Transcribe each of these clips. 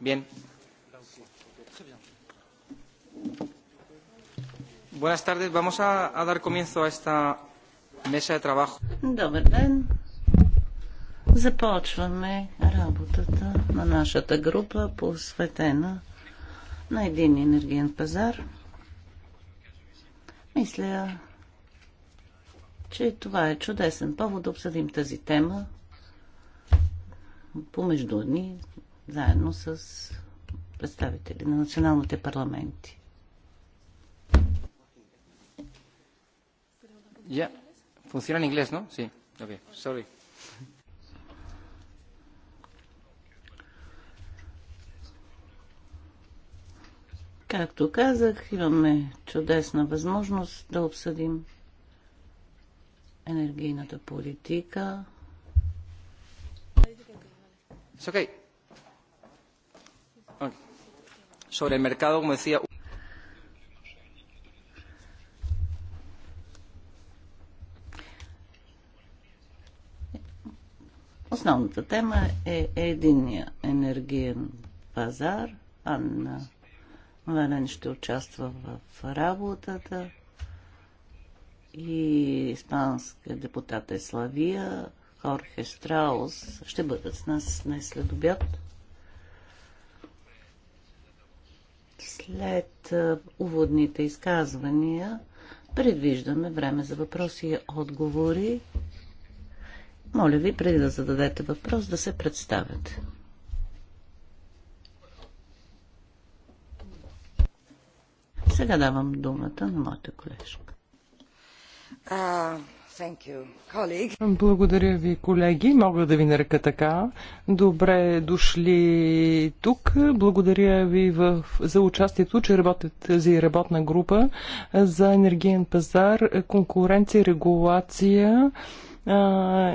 Bien. Buenas tardes. Vamos a, a dar comienzo a esta mesa de trabajo. Добър ден. Започваме работата на нашата група, посветена на един енергиен пазар. Мисля, че това е чудесен повод да обсъдим тази тема помежду ни, заедно с представители на националните парламенти. Yeah. Funciona en inglés, ¿no? Sí. Okay. Както казах, имаме чудесна възможност да обсъдим енергийната политика, Sobre el mercado, como decía. Основната тема е единния енергиен пазар. Анна Вален ще участва в работата и испанска депутата е Славия, Хорхе Страус ще бъдат с нас днес след обяд. След уводните изказвания предвиждаме време за въпроси и отговори. Моля ви, преди да зададете въпрос, да се представяте. Сега давам думата на моята колежка. Благодаря ви, колеги. Мога да ви нарека така. Добре дошли тук. Благодаря ви в, за участието, че работят тази работна група за енергиен пазар, конкуренция, регулация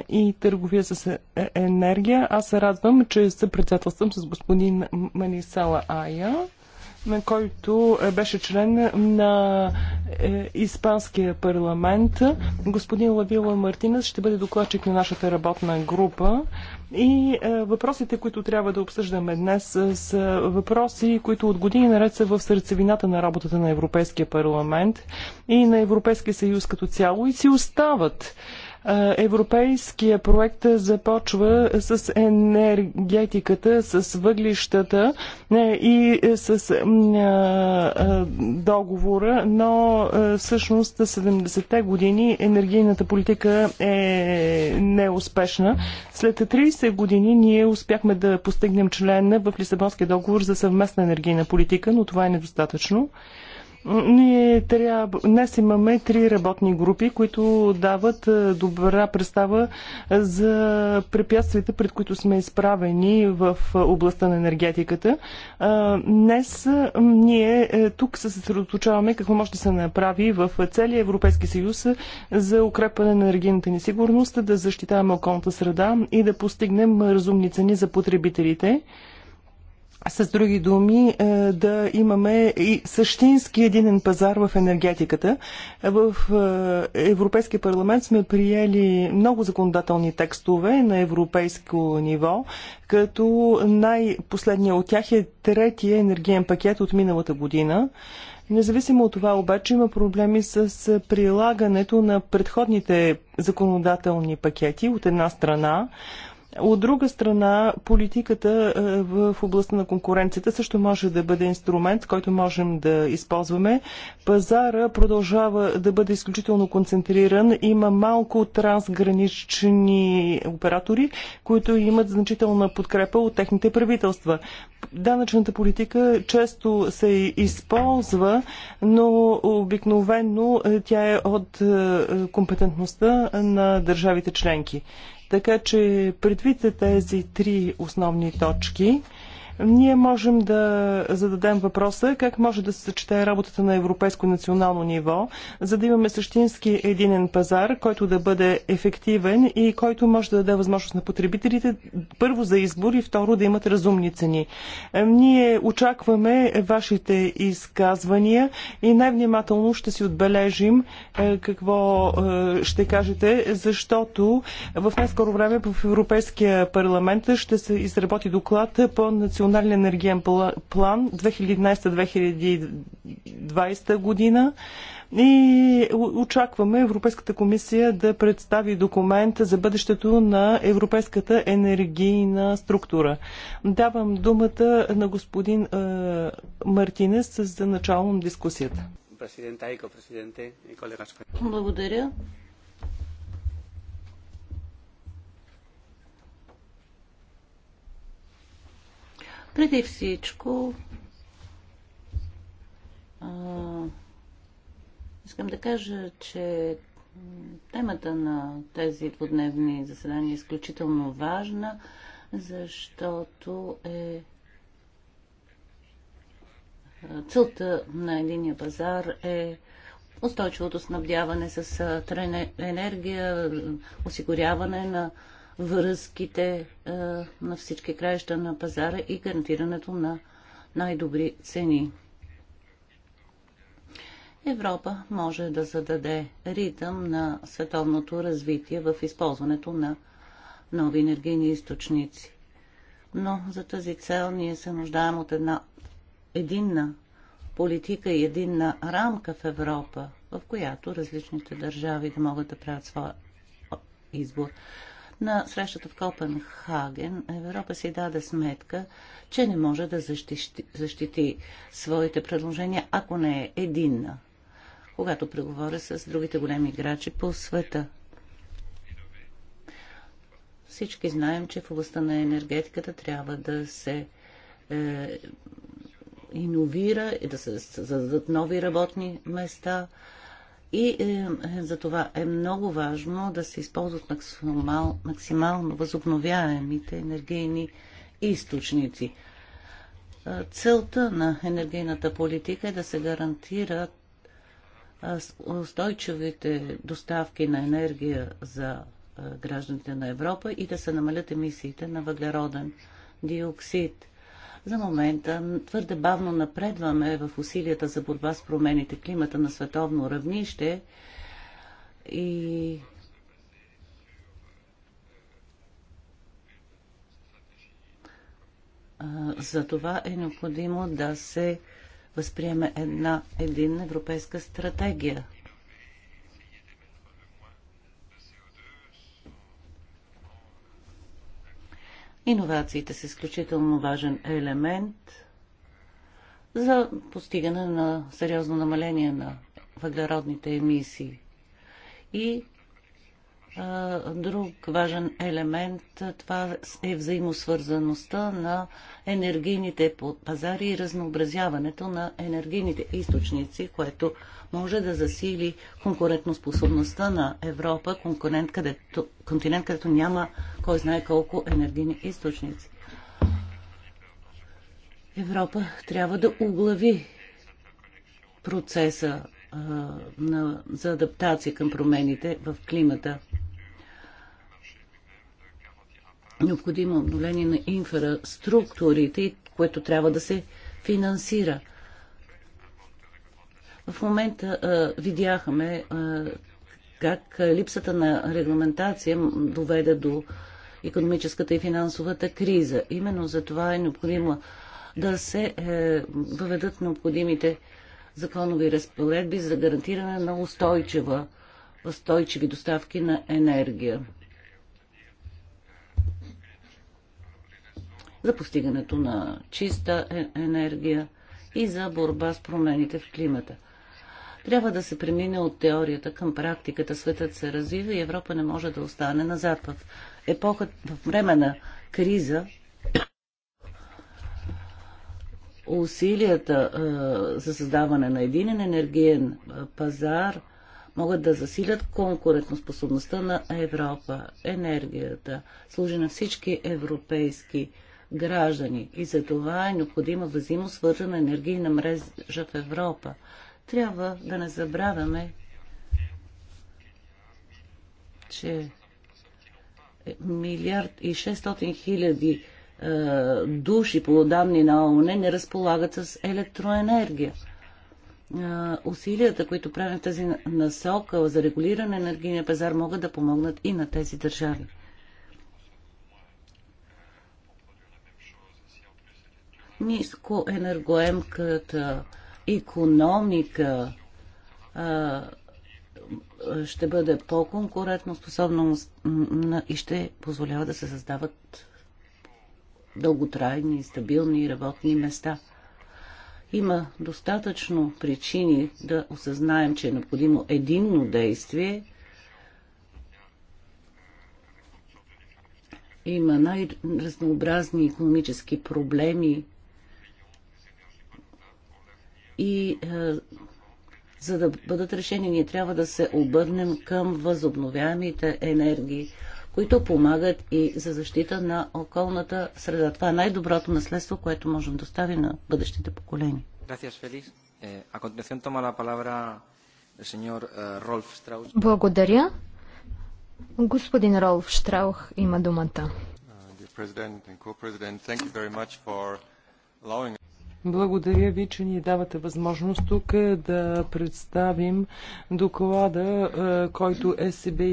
и търговия с е, енергия. Аз се радвам, че съпредседателствам с господин Манисала Ая който е, беше член на е, Испанския парламент. Господин Лавила Мартинес ще бъде докладчик на нашата работна група. И е, въпросите, които трябва да обсъждаме днес, е, са въпроси, които от години наред са в сърцевината на работата на Европейския парламент и на Европейския съюз като цяло и си остават. Европейския проект започва с енергетиката, с въглищата е, и с договора, но всъщност 70-те години енергийната политика е неуспешна. След 30 години ние успяхме да постигнем член в Лисабонския договор за съвместна енергийна политика, но това е недостатъчно. Ние трябва, днес имаме три работни групи, които дават е, добра представа за препятствията, пред които сме изправени в е, областта на енергетиката. Е, днес ние тук се съсредоточаваме какво може да се направи в целия Европейски съюз за укрепване на енергийната ни сигурност, да защитаваме околната среда и да постигнем разумни цени за потребителите. С други думи, е, да имаме и същински единен пазар в енергетиката. В е, Европейския парламент сме приели много законодателни текстове на европейско ниво, като най-последният от тях е третия енергиен пакет от миналата година. Независимо от това обаче има проблеми с прилагането на предходните законодателни пакети от една страна. От друга страна, политиката е, в областта на конкуренцията също може да бъде инструмент, който можем да използваме. Пазара продължава да бъде изключително концентриран. Има малко трансгранични оператори, които имат значителна подкрепа от техните правителства. Данъчната политика често се използва, но обикновенно е, тя е от е, компетентността на държавите членки. Така че предвид тези три основни точки, ние можем да зададем въпроса как може да се съчетае работата на европейско национално ниво, за да имаме същински единен пазар, който да бъде ефективен и който може да даде възможност на потребителите първо за избор и второ да имат разумни цени. Е, ние очакваме вашите изказвания и най-внимателно ще си отбележим е, какво е, ще кажете, защото в най-скоро време в Европейския парламент ще се изработи доклад по национално национален енергиен план 2011-2020 година и очакваме Европейската комисия да представи документ за бъдещето на европейската енергийна структура. Давам думата на господин е, Мартинес за начало на дискусията. Благодаря. Преди всичко, а, искам да кажа, че темата на тези двудневни заседания е изключително важна, защото е целта на единия пазар е устойчивото снабдяване с енергия, осигуряване на връзките а, на всички краища на пазара и гарантирането на най-добри цени. Европа може да зададе ритъм на световното развитие в използването на нови енергийни източници. Но за тази цел ние се нуждаем от една единна политика и единна рамка в Европа, в която различните държави да могат да правят своя избор. На срещата в Копенхаген Европа си даде сметка, че не може да защити, защити своите предложения, ако не е единна, когато преговоря с другите големи играчи по света. Всички знаем, че в областта на енергетиката трябва да се е, иновира и да се създадат нови работни места, и е, е, за това е много важно да се използват максимал, максимално възобновяемите енергийни източници. Е, целта на енергийната политика е да се гарантират е, устойчивите доставки на енергия за гражданите на Европа и да се намалят емисиите на въглероден диоксид. За момента твърде бавно напредваме в усилията за борба с промените климата на световно равнище и за това е необходимо да се възприеме една един европейска стратегия. Иновациите са изключително важен елемент за постигане на сериозно намаление на въглеродните емисии. И Друг важен елемент това е взаимосвързаността на енергийните пазари и разнообразяването на енергийните източници, което може да засили конкурентоспособността на Европа, конкурент, където, континент, където няма кой знае колко енергийни източници. Европа трябва да оглави процеса на, за адаптация към промените в климата. Необходимо обновление на инфраструктурите, което трябва да се финансира. В момента а, видяхме а, как липсата на регламентация доведе до економическата и финансовата криза. Именно за това е необходимо да се е, въведат необходимите законови разпоредби за гарантиране на устойчива, устойчиви доставки на енергия. за постигането на чиста е, енергия и за борба с промените в климата. Трябва да се премине от теорията към практиката. Светът се развива и Европа не може да остане назад. В епоха, в време на криза, усилията за създаване на един енергиен пазар могат да засилят конкурентоспособността на Европа. Енергията служи на всички европейски граждани и за това е необходима взаимосвързана енергийна мрежа в Европа. Трябва да не забравяме, че е милиард и 600 хиляди е, души по на ООН не разполагат с електроенергия. Е, усилията, които правят тази насока за регулиране на енергийния пазар, могат да помогнат и на тези държави. Ниско енергоемката економика е, ще бъде по-конкурентно способна и ще позволява да се създават дълготрайни, стабилни работни места. Има достатъчно причини да осъзнаем, че е необходимо единно действие. Има най-разнообразни економически проблеми и е, за да бъдат решени, ние трябва да се обърнем към възобновяемите енергии, които помагат и за защита на околната среда. Това е най-доброто наследство, което можем да оставим на бъдещите поколения. Eh, eh, Благодаря. Господин Ролф Штраух има думата. Uh, Благодаря ви, че ни давате възможност тук да представим доклада, uh, който СБ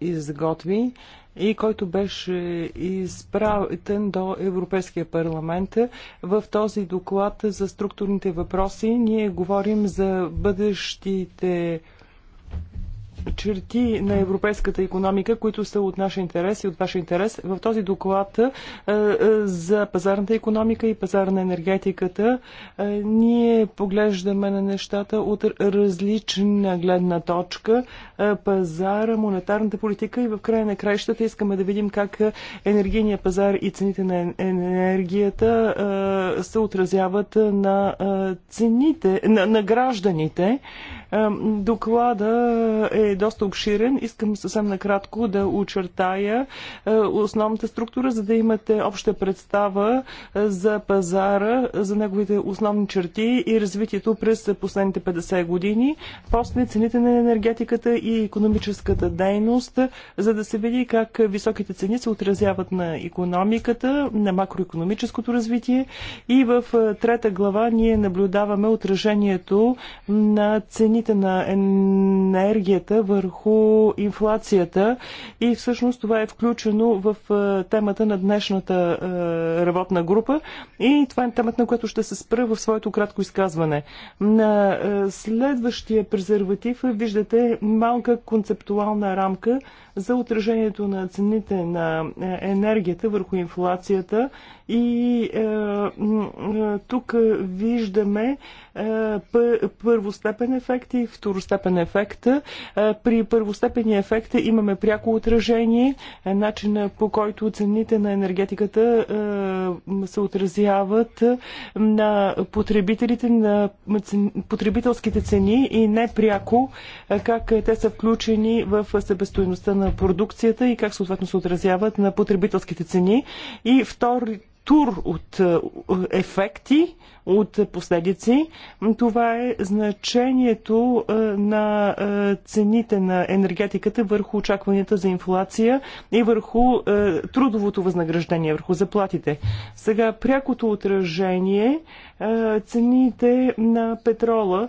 изготви и който беше изпратен до Европейския парламент. В този доклад за структурните въпроси ние говорим за бъдещите черти на европейската економика, които са от наш интерес и от ваш интерес. В този доклад е, е, за пазарната економика и пазар на енергетиката е, ние поглеждаме на нещата от различна гледна точка. Пазара, монетарната политика и в края на краищата искаме да видим как енергийния пазар и цените на енергията се отразяват на цените, на, на гражданите. Доклада е е доста обширен. Искам съвсем накратко да очертая е, основната структура, за да имате обща представа е, за пазара, за неговите основни черти и развитието през последните 50 години. После цените на енергетиката и економическата дейност, за да се види как високите цени се отразяват на економиката, на макроекономическото развитие. И в трета глава ние наблюдаваме отражението на цените на енергията върху инфлацията и всъщност това е включено в е, темата на днешната е, работна група и това е темата, на която ще се спра в своето кратко изказване. На е, следващия презерватив виждате малка концептуална рамка, за отражението на цените на е, енергията върху инфлацията и е, е, тук виждаме първостепен ефект и второстепен ефект. при първостепени ефект имаме пряко отражение, начина по който цените на енергетиката се отразяват на потребителите, на потребителските цени и непряко как те са включени в себестоеността на на продукцията и как съответно се отразяват на потребителските цени. И втори тур от е, ефекти, от последици. Това е значението е, на е, цените на енергетиката върху очакванията за инфлация и върху е, трудовото възнаграждение, върху заплатите. Сега прякото отражение цените на петрола.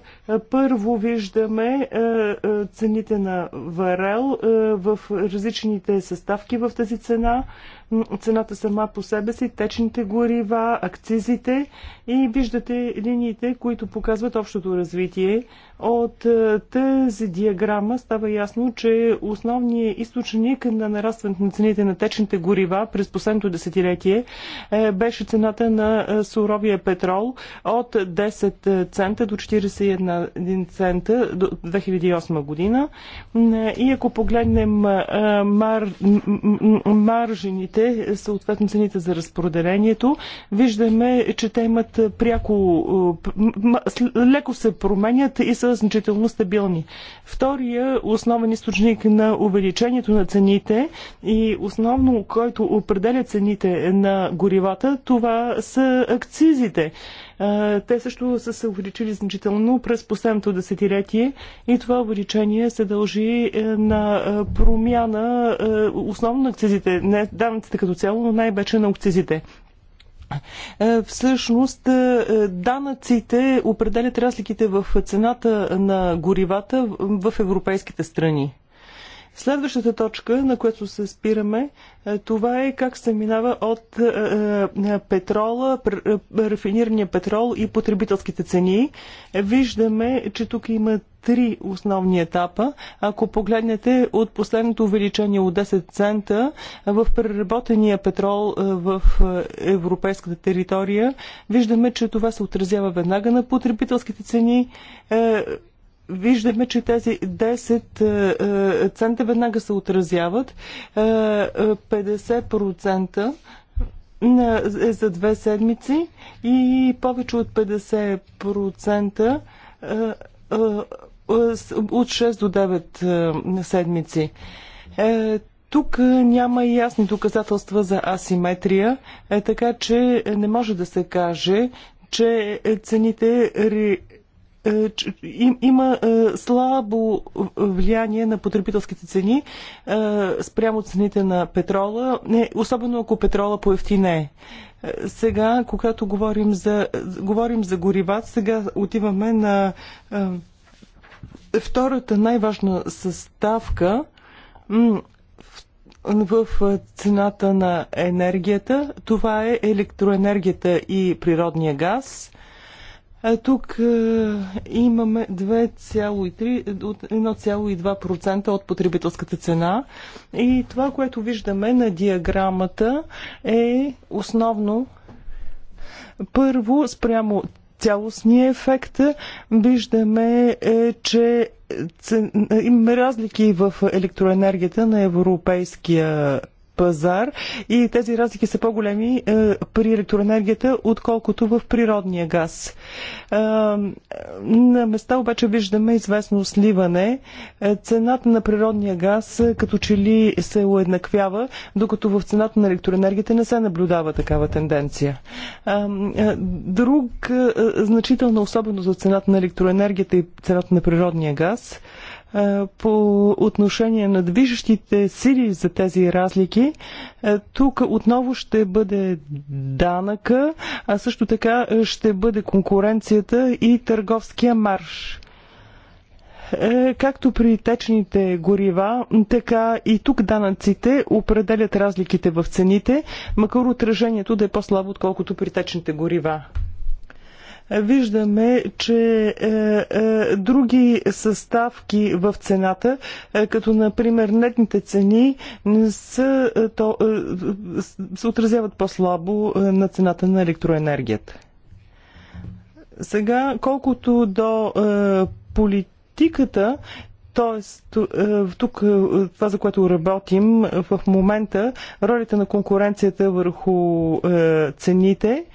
Първо виждаме цените на варел в различните съставки в тази цена, цената сама по себе си, течните горива, акцизите и виждаме Виждате линиите, които показват общото развитие. От е, тази диаграма става ясно, че основният източник на нарастването на цените на течните горива през последното десетилетие е, беше цената на е, суровия петрол от 10 цента до 41 цента до 2008 година. И ако погледнем мар... маржините, съответно цените за разпределението, виждаме, че те имат пряко леко, е, леко се променят и са значително стабилни. Втория основен източник на увеличението на цените и основно, който определя цените на горивата, това са акцизите. Е, те също са се увеличили значително през последното десетилетие и това увеличение се дължи е, на промяна основно на акцизите, не данъците като цяло, но най-вече на акцизите. Е, всъщност е, е, данъците определят разликите в цената на горивата в европейските страни. Следващата точка, на която се спираме, това е как се минава от петрола, рафинирания петрол и потребителските цени. Виждаме, че тук има три основни етапа. Ако погледнете от последното увеличение от 10 цента в преработения петрол е, в е, европейската територия, виждаме, че това се отразява веднага на потребителските цени е, виждаме, че тези 10 цента веднага се отразяват. 50% е за две седмици и повече от 50% от 6 до 9 е, седмици. Е, тук няма и ясни доказателства за асиметрия, е, така че не може да се каже, че цените има слабо влияние на потребителските цени спрямо цените на петрола, особено ако петрола поевтине. Сега, когато говорим за, говорим за горива, сега отиваме на е втората най-важна съставка в цената на енергията. Това е електроенергията и природния газ. тук имаме 1,2% от потребителската цена. И това, което виждаме на диаграмата е основно първо спрямо цялостния ефект. Виждаме, е, че имаме разлики в електроенергията на европейския пазар и тези разлики са по-големи е, при електроенергията, отколкото в природния газ. Е, на места обаче виждаме известно сливане. Е, цената на природния газ като че ли се уеднаквява, докато в цената на електроенергията не се наблюдава такава тенденция. Друг значителна особеност за цената на електроенергията и цената на природния газ – по отношение на движещите сили за тези разлики. Тук отново ще бъде данъка, а също така ще бъде конкуренцията и търговския марш е, както при течните горива, така и тук данъците определят разликите в цените, макар отражението да е по-слабо, отколкото при течните горива виждаме, че е, е, други съставки в цената, е, като например нетните цени, не са, е, то, е, се отразяват по-слабо е, на цената на електроенергията. Сега, колкото до политиката, т.е. тук това, за което работим в момента, ролята на конкуренцията върху цените,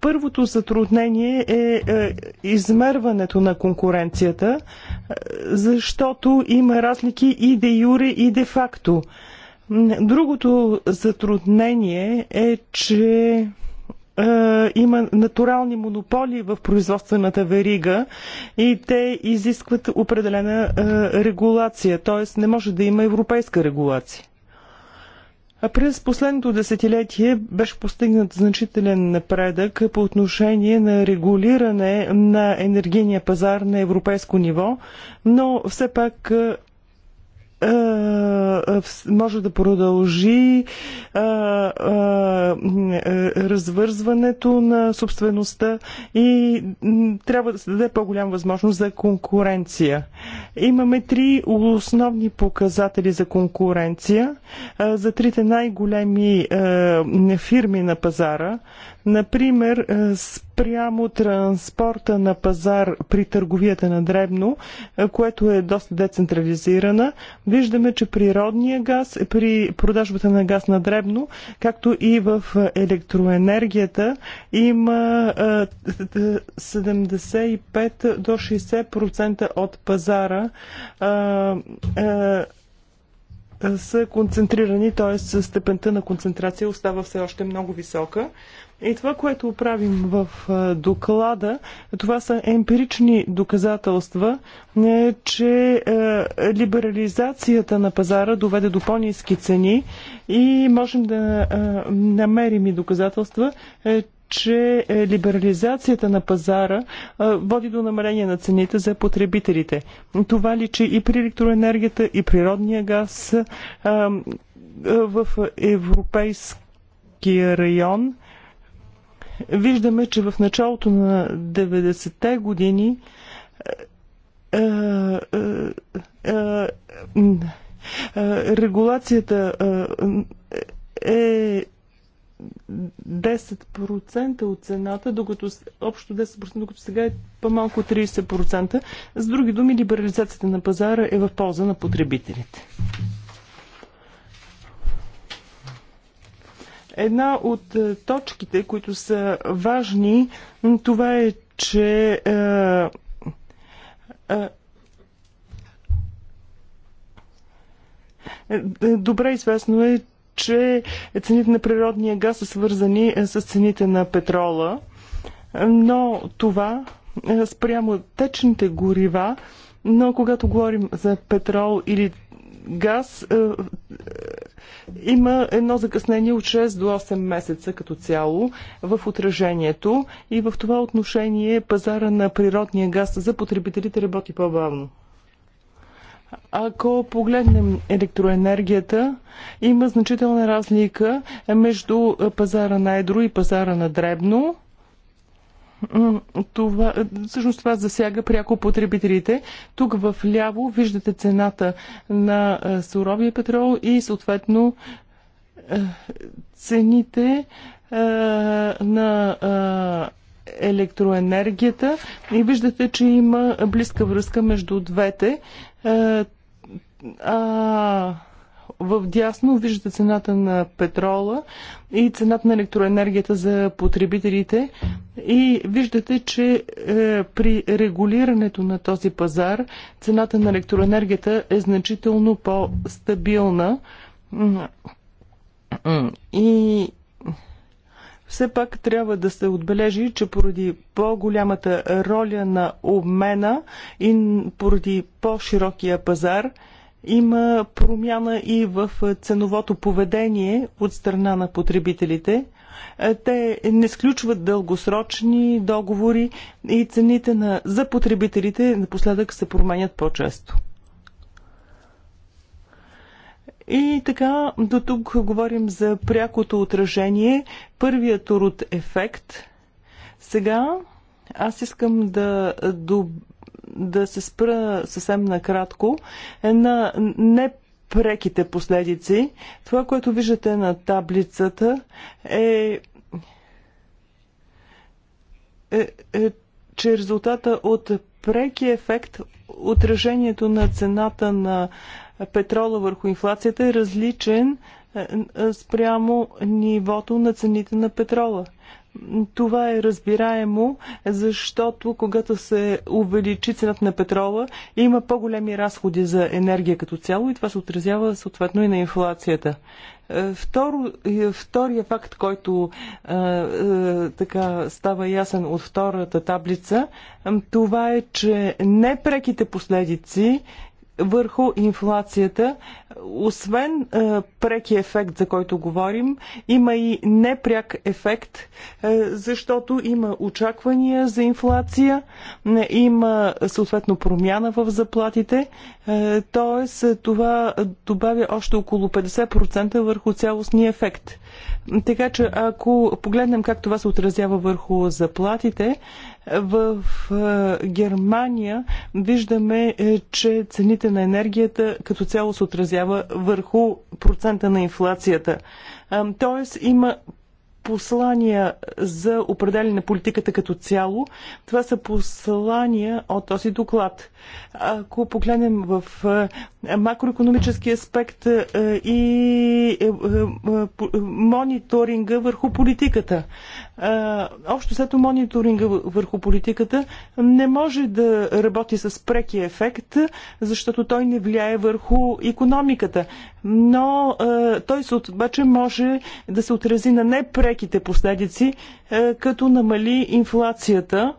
Първото затруднение е, е измерването на конкуренцията, е, защото има разлики и де юре, и де факто. Другото затруднение е, че е, има натурални монополи в производствената верига и те изискват определена регулация, т.е. не може да има европейска регулация. През последното десетилетие беше постигнат значителен напредък по отношение на регулиране на енергийния пазар на европейско ниво, но все пак може да продължи развързването на собствеността и трябва да се даде по-голяма възможност за конкуренция. Имаме три основни показатели за конкуренция за трите най-големи фирми на пазара Например, е, спрямо транспорта на пазар при търговията на дребно, е, което е доста децентрализирана, виждаме, че природния газ при продажбата на газ на дребно, както и в електроенергията, има 75 е, до 60% от пазара са концентрирани, т.е. степента на концентрация остава все още много висока. И това, което правим в доклада, това са емпирични доказателства, е, че е, либерализацията на пазара доведе до по-низки цени и можем да намерим и доказателства, е, че либерализацията на пазара води до намаление на цените за потребителите. Това личи и при електроенергията, и природния газ в европейския район Виждаме, че в началото на 90-те години е, е, е, регулацията е 10% от цената, докато общо 10%, докато сега е по-малко 30%. С други думи, либерализацията на пазара е в полза на потребителите. Една от е, точките, които са важни, това е, че е, е, е, добре известно е, че цените на природния газ са свързани е, с цените на петрола, но това спрямо течните горива, но когато говорим за петрол или газ е, е, има едно закъснение от 6 до 8 месеца като цяло в отражението и в това отношение пазара на природния газ за потребителите работи по-бавно. Ако погледнем електроенергията, има значителна разлика между пазара на едро и пазара на дребно това, всъщност това засяга пряко потребителите. Тук в ляво виждате цената на суровия петрол и съответно цените на електроенергията и виждате, че има близка връзка между двете. А, в дясно виждате цената на петрола и цената на електроенергията за потребителите и виждате, че е, при регулирането на този пазар цената на електроенергията е значително по-стабилна и все пак трябва да се отбележи, че поради по-голямата роля на обмена и поради по-широкия пазар – има промяна и в ценовото поведение от страна на потребителите. Е, те не сключват дългосрочни договори и цените на, за потребителите напоследък се променят по-често. И така, до тук говорим за прякото отражение, първият урод ефект. Сега аз искам да, до, да се спра съвсем накратко е на не преките последици. Това, което виждате на таблицата е, е, е че резултата от преки ефект отражението на цената на петрола върху инфлацията е различен е, е, спрямо нивото на цените на петрола. Това е разбираемо, защото когато се увеличи цената на петрола, има по-големи разходи за енергия като цяло и това се отразява съответно и на инфлацията. Е, второ, е, втория факт, който а, е, а, така става ясен от втората таблица, това е, че непреките последици върху инфлацията. Освен е, прекия ефект, за който говорим, има и непряк ефект, е, защото има очаквания за инфлация, е, има съответно промяна в заплатите, е, тоест, е, това добавя още около 50% върху цялостния ефект. Така че, ако погледнем как това се отразява върху заплатите, в е, Германия виждаме, че цените на енергията като цяло се отразява върху процента на инфлацията. Тоест има послания за определение на политиката като цяло. Това са послания от този доклад. Ако погледнем в е, макроекономически аспект е, и е, мониторинга върху политиката, общо след мониторинга върху политиката не може да работи с преки ефект, защото той не влияе върху економиката. Но той се обаче може да се отрази на непреките последици, като намали инфлацията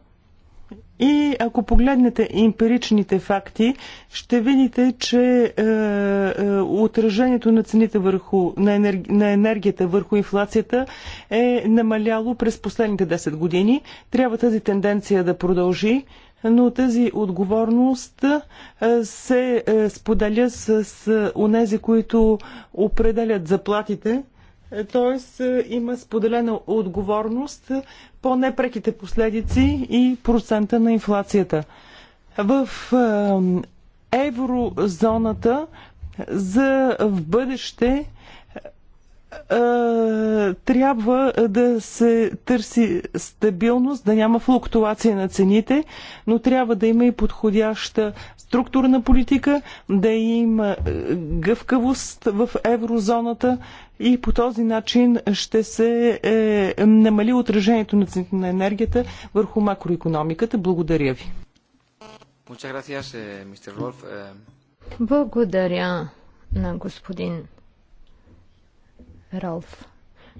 и ако погледнете емпиричните факти, ще видите, че е, е, отражението на цените върху, на, енерги, на енергията върху инфлацията е намаляло през последните 10 години. Трябва тази тенденция да продължи но тази отговорност е, се е, споделя с онези, които определят заплатите т.е. Е, има споделена отговорност по непреките последици и процента на инфлацията. В е, еврозоната за в бъдеще е, трябва да се търси стабилност, да няма флуктуация на цените, но трябва да има и подходяща структурна политика, да има е, гъвкавост в еврозоната и по този начин ще се е, намали отражението на цените на енергията върху макроекономиката. Благодаря ви. Eh, е, Благодаря на господин Ролф.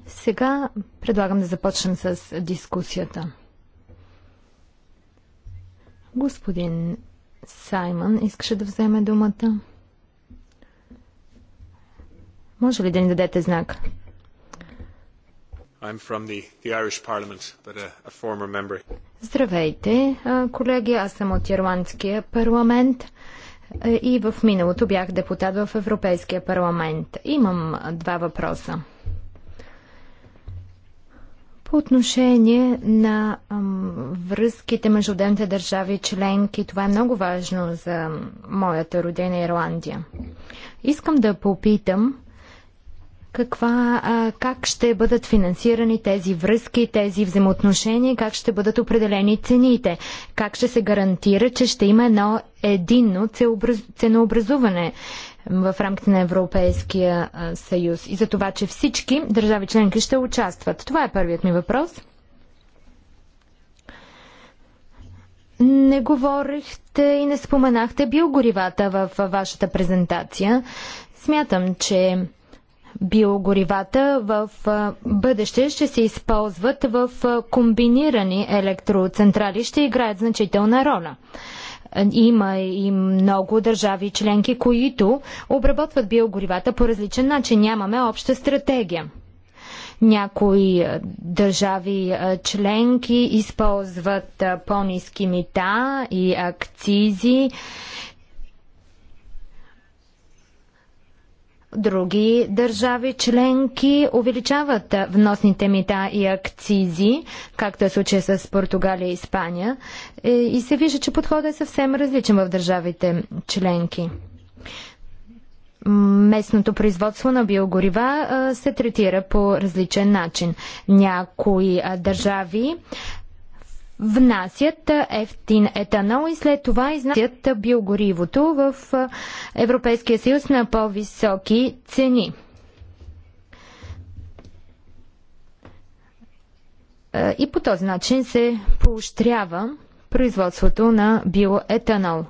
Сега предлагам да започнем с дискусията. Господин Саймън искаше да вземе думата. Може ли да ни дадете знак? I'm from the, the Irish Parliament, but a, a former member. Здравейте, колеги, аз съм от Ирландския парламент и в миналото бях депутат в Европейския парламент. Имам два въпроса. По отношение на ам, връзките между отделните държави и членки, това е много важно за моята родина Ирландия. Искам да попитам каква, а, как ще бъдат финансирани тези връзки, тези взаимоотношения, как ще бъдат определени цените, как ще се гарантира, че ще има едно единно ценообразуване в рамките на Европейския съюз и за това, че всички държави членки ще участват. Това е първият ми въпрос. Не говорихте и не споменахте биогоривата в вашата презентация. Смятам, че биогоривата в бъдеще ще се използват в комбинирани електроцентрали, ще играят значителна роля. Има и много държави членки, които обработват биогоривата по различен начин. Нямаме обща стратегия. Някои държави членки използват по-низки мита и акцизи Други държави членки увеличават вносните мита и акцизи, както е случая с Португалия и Испания. Е, и се вижда, че подходът е съвсем различен в държавите членки. Местното производство на биогорива се третира по различен начин. Някои държави внасят ефтин етанол и след това изнасят биогоривото в Европейския съюз на по-високи цени. И по този начин се поощрява производството на биоетанол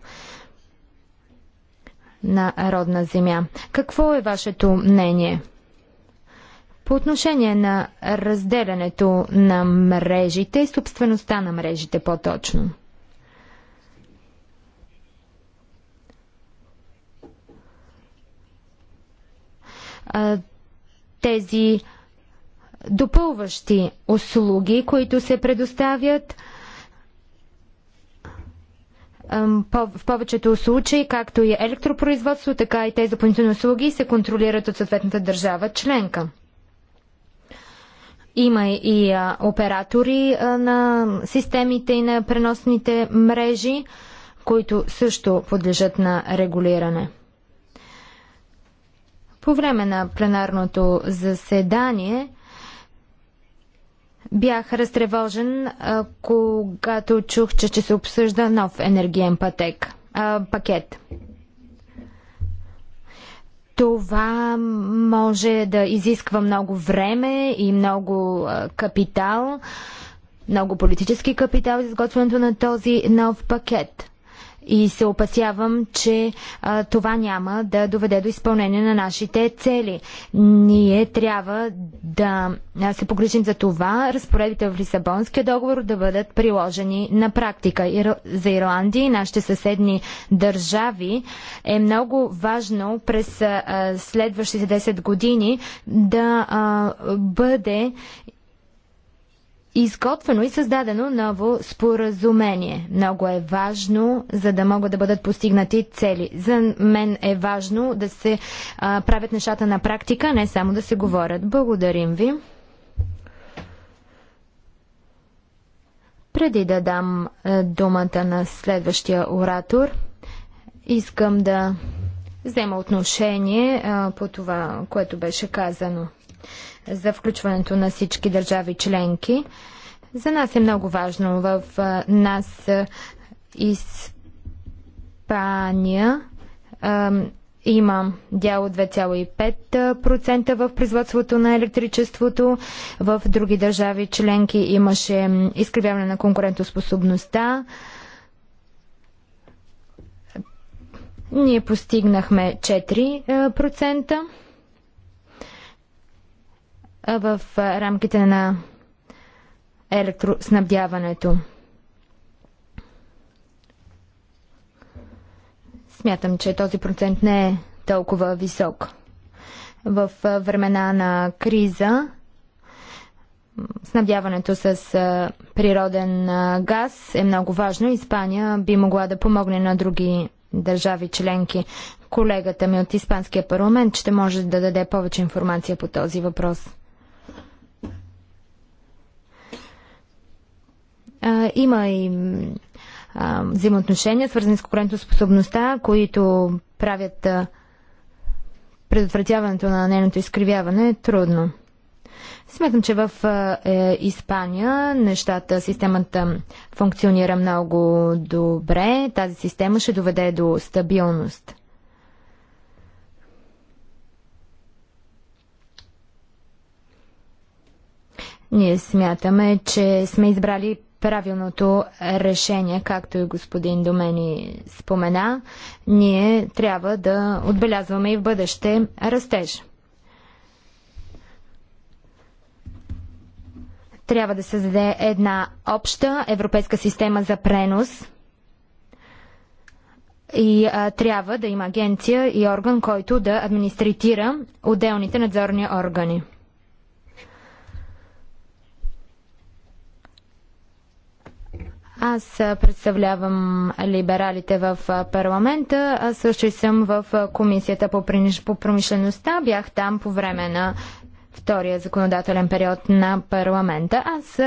на родна земя. Какво е вашето мнение? По отношение на разделянето на мрежите и собствеността на мрежите по-точно. Тези допълващи услуги, които се предоставят, в повечето случаи, както и електропроизводство, така и тези допълнителни услуги се контролират от съответната държава членка. Има и а, оператори а, на системите и на преносните мрежи, които също подлежат на регулиране. По време на пленарното заседание бях разтревожен, а, когато чух, че че се обсъжда нов енергиен пътек, а, пакет. Това може да изисква много време и много капитал, много политически капитал за изготвянето на този нов пакет и се опасявам, че а, това няма да доведе до изпълнение на нашите цели. Ние трябва да се погрижим за това разпоредите в Лисабонския договор да бъдат приложени на практика. Ир... За Ирландия и нашите съседни държави е много важно през а, следващите 10 години да а, бъде изготвено и създадено ново споразумение. Много е важно, за да могат да бъдат постигнати цели. За мен е важно да се а, правят нещата на практика, не само да се говорят. Благодарим ви. Преди да дам е, думата на следващия оратор, искам да взема отношение а, е, по това, което беше казано за включването на всички държави членки. За нас е много важно в нас Испания има дял от 2,5% в производството на електричеството. В други държави членки имаше изкривяване на конкурентоспособността. Ние постигнахме 4% в рамките на електроснабдяването. Смятам, че този процент не е толкова висок. В времена на криза снабдяването с природен газ е много важно. Испания би могла да помогне на други държави членки. Колегата ми от Испанския парламент ще може да даде повече информация по този въпрос. има и а, взаимоотношения, свързани с конкурентоспособността, които правят а, предотвратяването на нейното изкривяване трудно. Смятам, че в е, Испания нещата, системата функционира много добре. Тази система ще доведе до стабилност. Ние смятаме, че сме избрали правилното решение, както и господин Домени спомена. Ние трябва да отбелязваме и в бъдеще растеж. Трябва да създаде една обща европейска система за пренос и а, трябва да има агенция и орган, който да администритира отделните надзорни органи. Аз представлявам либералите в парламента, а също и съм в комисията по промишлеността. Бях там по време на втория законодателен период на парламента. Аз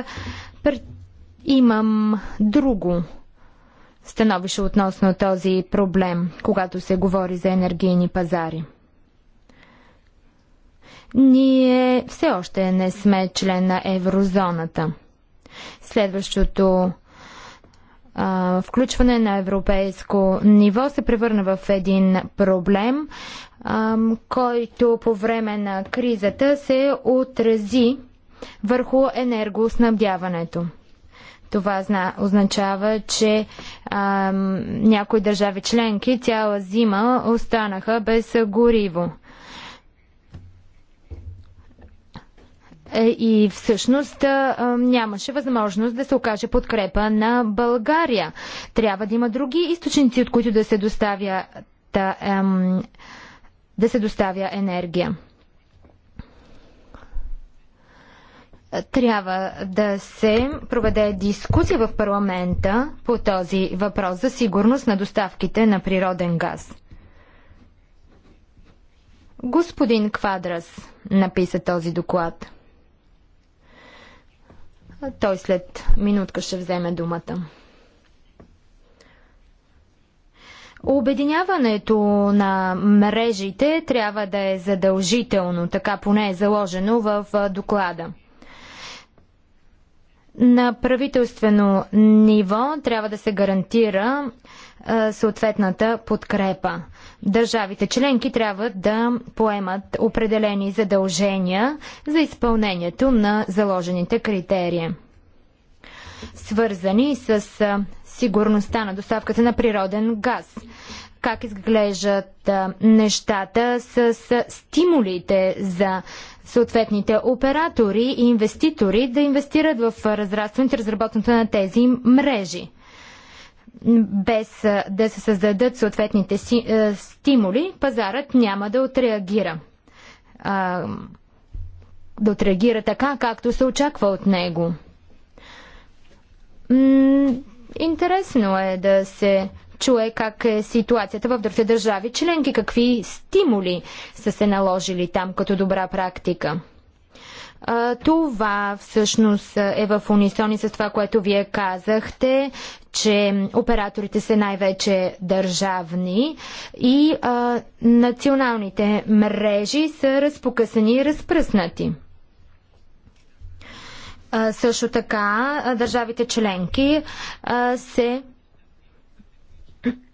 имам друго становище относно този проблем, когато се говори за енергийни пазари. Ние все още не сме член на еврозоната. Следващото а, включване на европейско ниво се превърна в един проблем, а, който по време на кризата се отрази върху енергоснабдяването. Това зна, означава, че а, някои държави членки цяла зима останаха без гориво. Е, и всъщност е, е, нямаше възможност да се окаже подкрепа на България. Трябва да има други източници, от които да се доставя да, ем, да се доставя енергия. Трябва да се проведе дискусия в парламента по този въпрос за сигурност на доставките на природен газ. Господин Квадрас написа този доклад. Той след минутка ще вземе думата. Обединяването на мрежите трябва да е задължително, така поне е заложено в доклада. На правителствено ниво трябва да се гарантира е, съответната подкрепа. Държавите членки трябва да поемат определени задължения за изпълнението на заложените критерии, свързани с е, сигурността на доставката на природен газ. Как изглеждат е, нещата с стимулите за съответните оператори и инвеститори да инвестират в разрастването и разработването на тези мрежи? без да се създадат съответните си, стимули, пазарът няма да отреагира. да отреагира така, както се очаква от него. интересно е да се чуе как е ситуацията в другите държави членки, какви стимули са се наложили там като добра практика. Това всъщност е в унисони с това, което вие казахте, че операторите са най-вече държавни и а, националните мрежи са разпокъсани и разпръснати. А, също така а, държавите членки а, се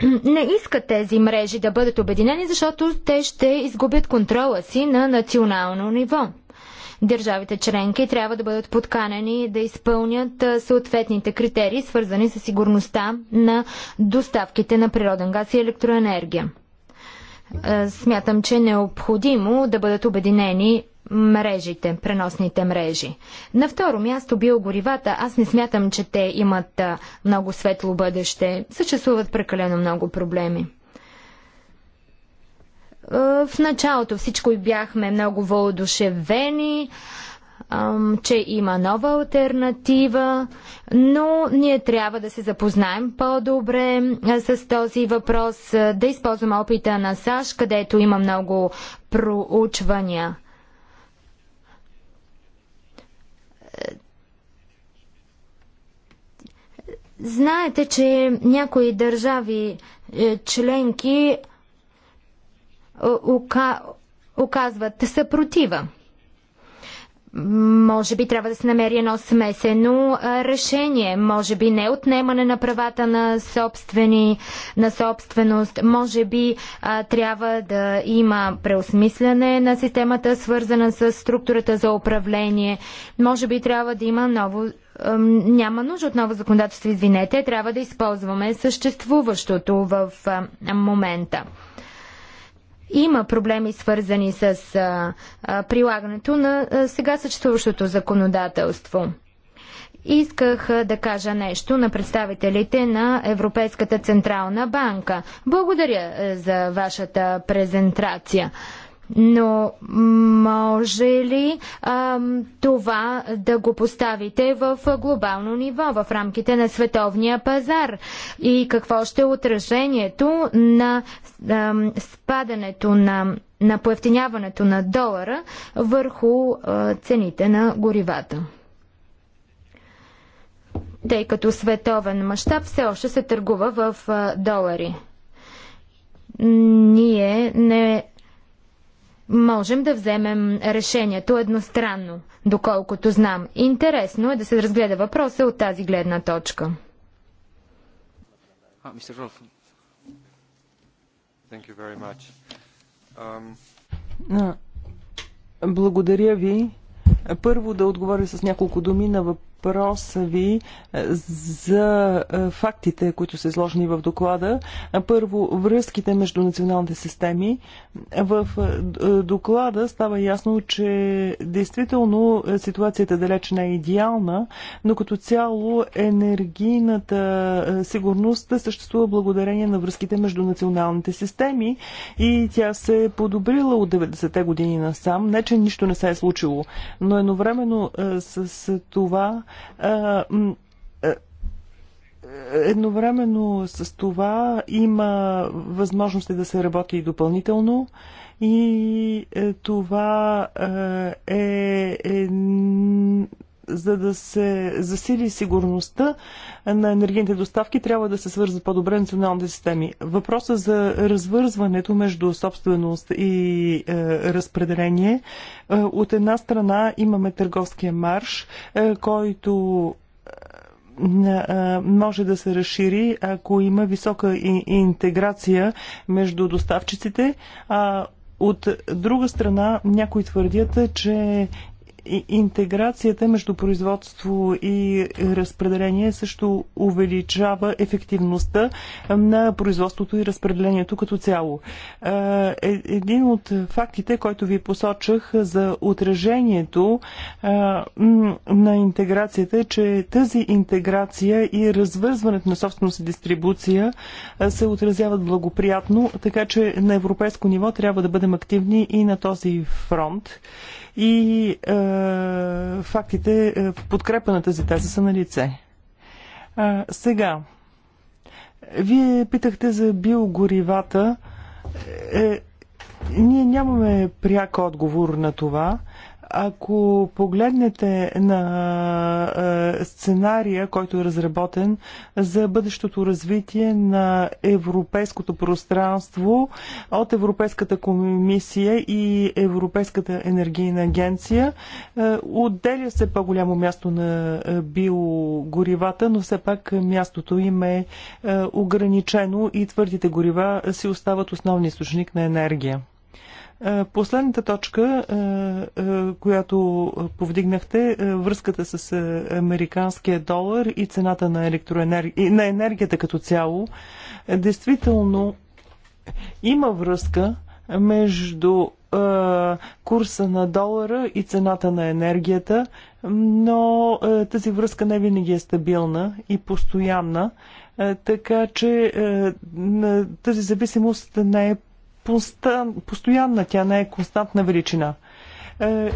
не искат тези мрежи да бъдат обединени, защото те ще изгубят контрола си на национално ниво. Държавите членки трябва да бъдат подканени да изпълнят съответните критерии, свързани с сигурността на доставките на природен газ и електроенергия. Смятам, че е необходимо да бъдат обединени мрежите, преносните мрежи. На второ място биогоривата. Аз не смятам, че те имат много светло бъдеще. Съществуват прекалено много проблеми. Е, в началото всичко бяхме много воодушевени, че има нова альтернатива, но ние трябва да се запознаем по-добре е, с този въпрос, е, да използваме опита на САЩ, където има много проучвания. Знаете, че някои държави членки оказват съпротива. Може би трябва да се намери едно смесено решение. Може би не отнемане на правата на, собствени, на собственост. Може би а, трябва да има преосмисляне на системата, свързана с структурата за управление. Може би трябва да има ново. А, няма нужда от ново законодателство, извинете. Трябва да използваме съществуващото в а, момента. Има проблеми свързани с прилагането на сега съществуващото законодателство. Исках да кажа нещо на представителите на Европейската Централна банка. Благодаря за вашата презентация. Но може ли а, това да го поставите в глобално ниво, в рамките на световния пазар? И какво ще е отражението на а, спадането на, на поевтиняването на долара върху а, цените на горивата? Тъй като световен мащаб все още се търгува в а, долари ние не можем да вземем решението едностранно, доколкото знам. Интересно е да се разгледа въпроса от тази гледна точка. Um, благодаря ви. Първо да отговоря с няколко думи на въпроса ви е, за е, фактите, които са изложени в доклада. Е, първо, връзките между националните системи. В доклада става ясно, че действително ситуацията далеч не е идеална, но като цяло енергийната сигурност съществува благодарение на връзките между националните системи и тя се е подобрила от 90-те години насам. Не, че нищо не се е случило, но но едновременно е, с това е, е, едновременно с това има възможности да се работи и допълнително и това е за да се засили сигурността на енергийните доставки, трябва да се свързва по-добре националните системи. Въпросът за развързването между собственост и е, разпределение. Е, от една страна имаме търговския марш, е, който е, е, може да се разшири, ако има висока интеграция между доставчиците, а от друга страна, някои твърдят, че интеграцията между производство и разпределение също увеличава ефективността на производството и разпределението като цяло. Е, един от фактите, който ви посочах за отражението на интеграцията е, че тази интеграция и развързването на собственост и дистрибуция се отразяват благоприятно, така че на европейско ниво трябва да бъдем активни и на този фронт и е, фактите е, в е, подкрепа на тази теза са на лице. А, сега, вие питахте за биогоривата. Е, е ние нямаме пряк отговор на това. Ако погледнете на е, сценария, който е разработен за бъдещото развитие на европейското пространство от Европейската комисия и Европейската енергийна агенция, е, отделя се по-голямо място на е, биогоривата, но все пак мястото им е ограничено и твърдите горива си остават основни източник на енергия. Е, последната точка, е, е, която повдигнахте, връзката с американския долар и цената на, електроенерги... на енергията като цяло, действително има връзка между курса на долара и цената на енергията, но тази връзка не винаги е стабилна и постоянна, така че тази зависимост не е постоянна, тя не е константна величина. Е,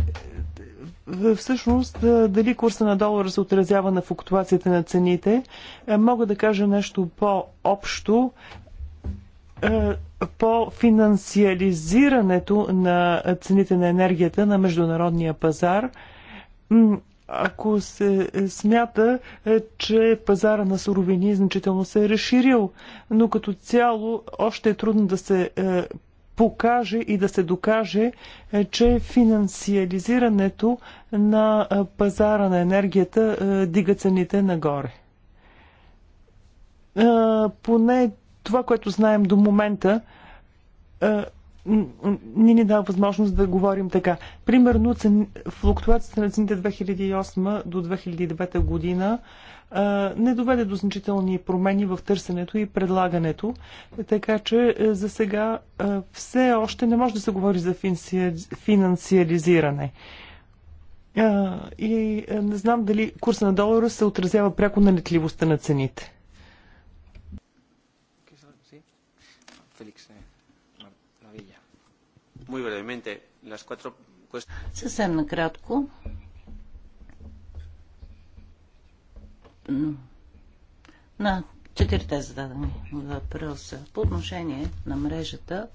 всъщност, е, дали курса на долара се отразява на флуктуацията на цените, е, мога да кажа нещо по-общо по финансиализирането на цените на енергията на международния пазар ако се е, смята, е, че пазара на суровини значително се е разширил, но като цяло още е трудно да се е, покаже и да се докаже, че финансиализирането на пазара на енергията дига цените нагоре. Поне това, което знаем до момента, не ни дава възможност да говорим така. Примерно, цен... флуктуацията на цените 2008 до 2009 година не доведе до значителни промени в търсенето и предлагането, така че е, за сега е, все още не може да се говори за финансиализиране. И е, не знам дали курса на долара се отразява пряко на летливостта на цените. Muy brevemente, las cuatro Съвсем накратко. На четирите зададени въпроса по отношение на мрежата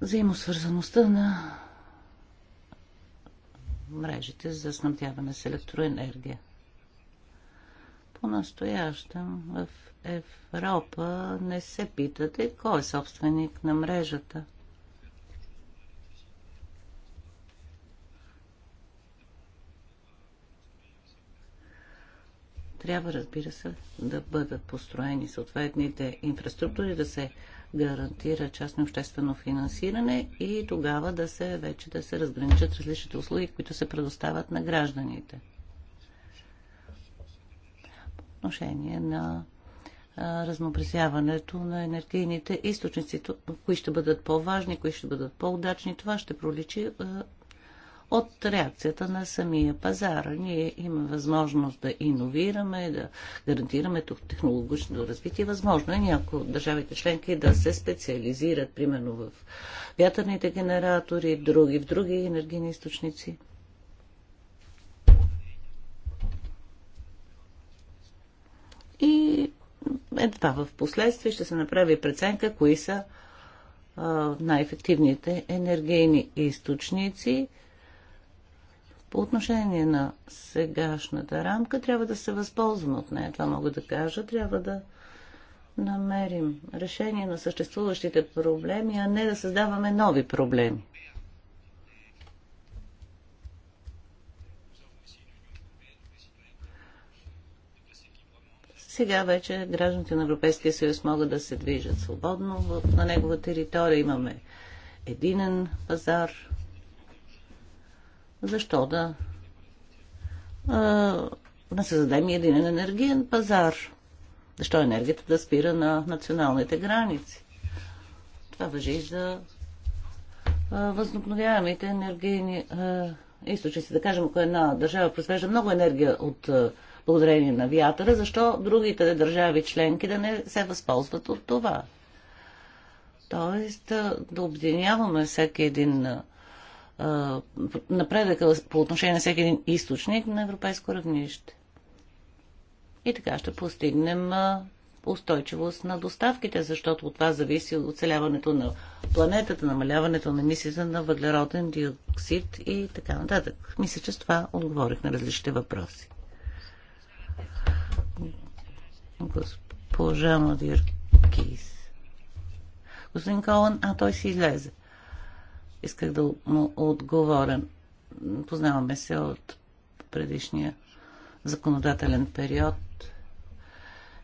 взаимосвързаността на мрежите за снабдяване с електроенергия. По-настоящем в Европа не се питате кой е собственик на мрежата. Трябва, разбира се, да бъдат построени съответните инфраструктури, да се гарантира частно обществено финансиране и тогава да се вече да се разграничат различните услуги, които се предоставят на гражданите отношение на разнообразяването на енергийните източници. Кои ще бъдат по-важни, кои ще бъдат по-удачни, това ще проличи от реакцията на самия пазар. Ние имаме възможност да иновираме, да гарантираме технологично развитие. Възможно е някои от държавите членки да се специализират, примерно в вятърните генератори, други в други енергийни източници. Едва в последствие ще се направи преценка кои са най-ефективните енергийни източници. По отношение на сегашната рамка, трябва да се възползваме от нея. Това мога да кажа. Трябва да намерим решение на съществуващите проблеми, а не да създаваме нови проблеми. Сега вече гражданите на Европейския съюз могат да се движат свободно на негова територия. Имаме единен пазар. Защо да? А, да създадем единен енергиен пазар. Защо енергията да спира на националните граници? Това въжи и за възобновяемите енергийни а, източници. Да кажем, ако една държава произвежда много енергия от а, благодарение на вятъра, защо другите държави членки да не се възползват от това? Тоест да, обединяваме всеки един напредък напредъка по отношение на всеки един източник на европейско равнище. И така ще постигнем устойчивост на доставките, защото от това зависи от оцеляването на планетата, намаляването на емисията на въглероден диоксид и така нататък. Мисля, че с това отговорих на различните въпроси госпожа Мадиркис. Господин Колан, а той си излезе. Исках да му отговоря. Познаваме се от предишния законодателен период.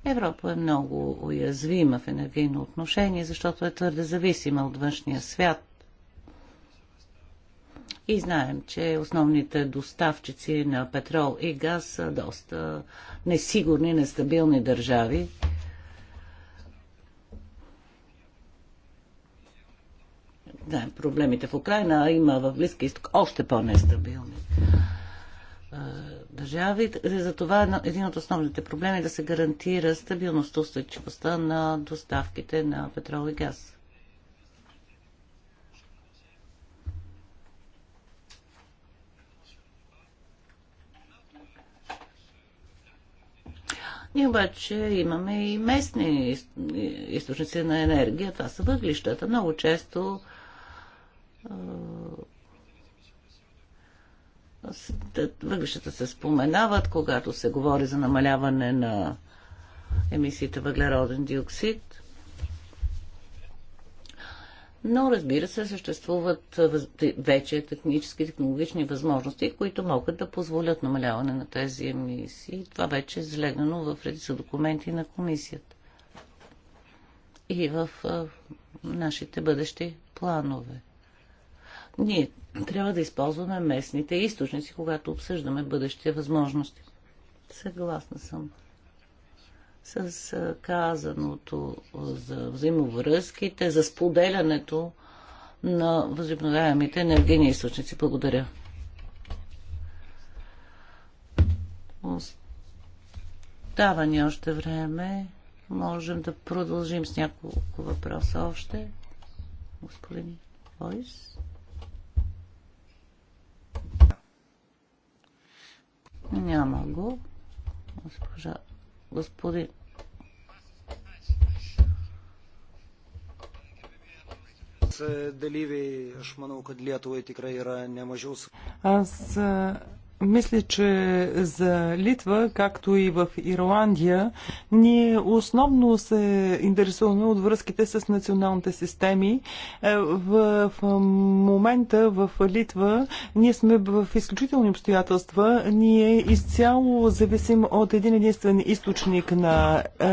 Европа е много уязвима в енергийно отношение, защото е твърде зависима от външния свят. И знаем, че основните доставчици на петрол и газ са доста несигурни, нестабилни държави. Да, проблемите в Украина има в Близки изток още по-нестабилни държави. Затова е един от основните проблеми е да се гарантира стабилност, устойчивостта на доставките на петрол и газ. И обаче имаме и местни източници на енергия. Това са въглищата. Много често въглищата се споменават, когато се говори за намаляване на емисиите въглероден диоксид но разбира се, съществуват вече технически и технологични възможности, които могат да позволят намаляване на тези емисии. Това вече е залегнано в редица документи на комисията и в нашите бъдещи планове. Ние трябва да използваме местните източници, когато обсъждаме бъдещите възможности. Съгласна съм с казаното за взаимовръзките, за споделянето на възобновяемите енергийни източници. Благодаря. Остава ни още време. Можем да продължим с няколко въпроса още. Господин Войс. Няма го. Госпожа, господин dalyviai, aš manau, kad Lietuvai tikrai yra nemažiau. Аз мисля, че за Литва, както и в Ирландия, ние основно се интересуваме от връзките с националните системи. Е, в, момента в Литва ние сме в изключителни обстоятелства. Ние изцяло зависим от един единствен източник на е,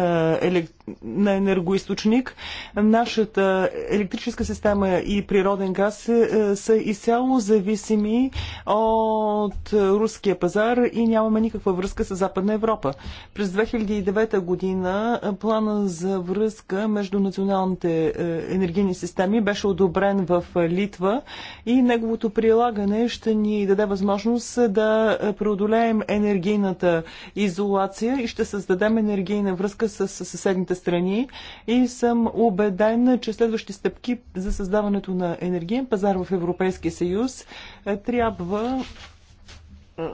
елект на енергоисточник. Нашата електрическа система и природен газ е, са изцяло зависими от руския пазар и нямаме никаква връзка с Западна Европа. През 2009 година е, плана за връзка между националните е, енергийни системи беше одобрен в Литва и неговото прилагане ще ни даде възможност да преодолеем енергийната изолация и ще създадем енергийна връзка с съседните двете страни и съм убеден, че следващи стъпки за създаването на енергиен пазар в Европейския съюз е, трябва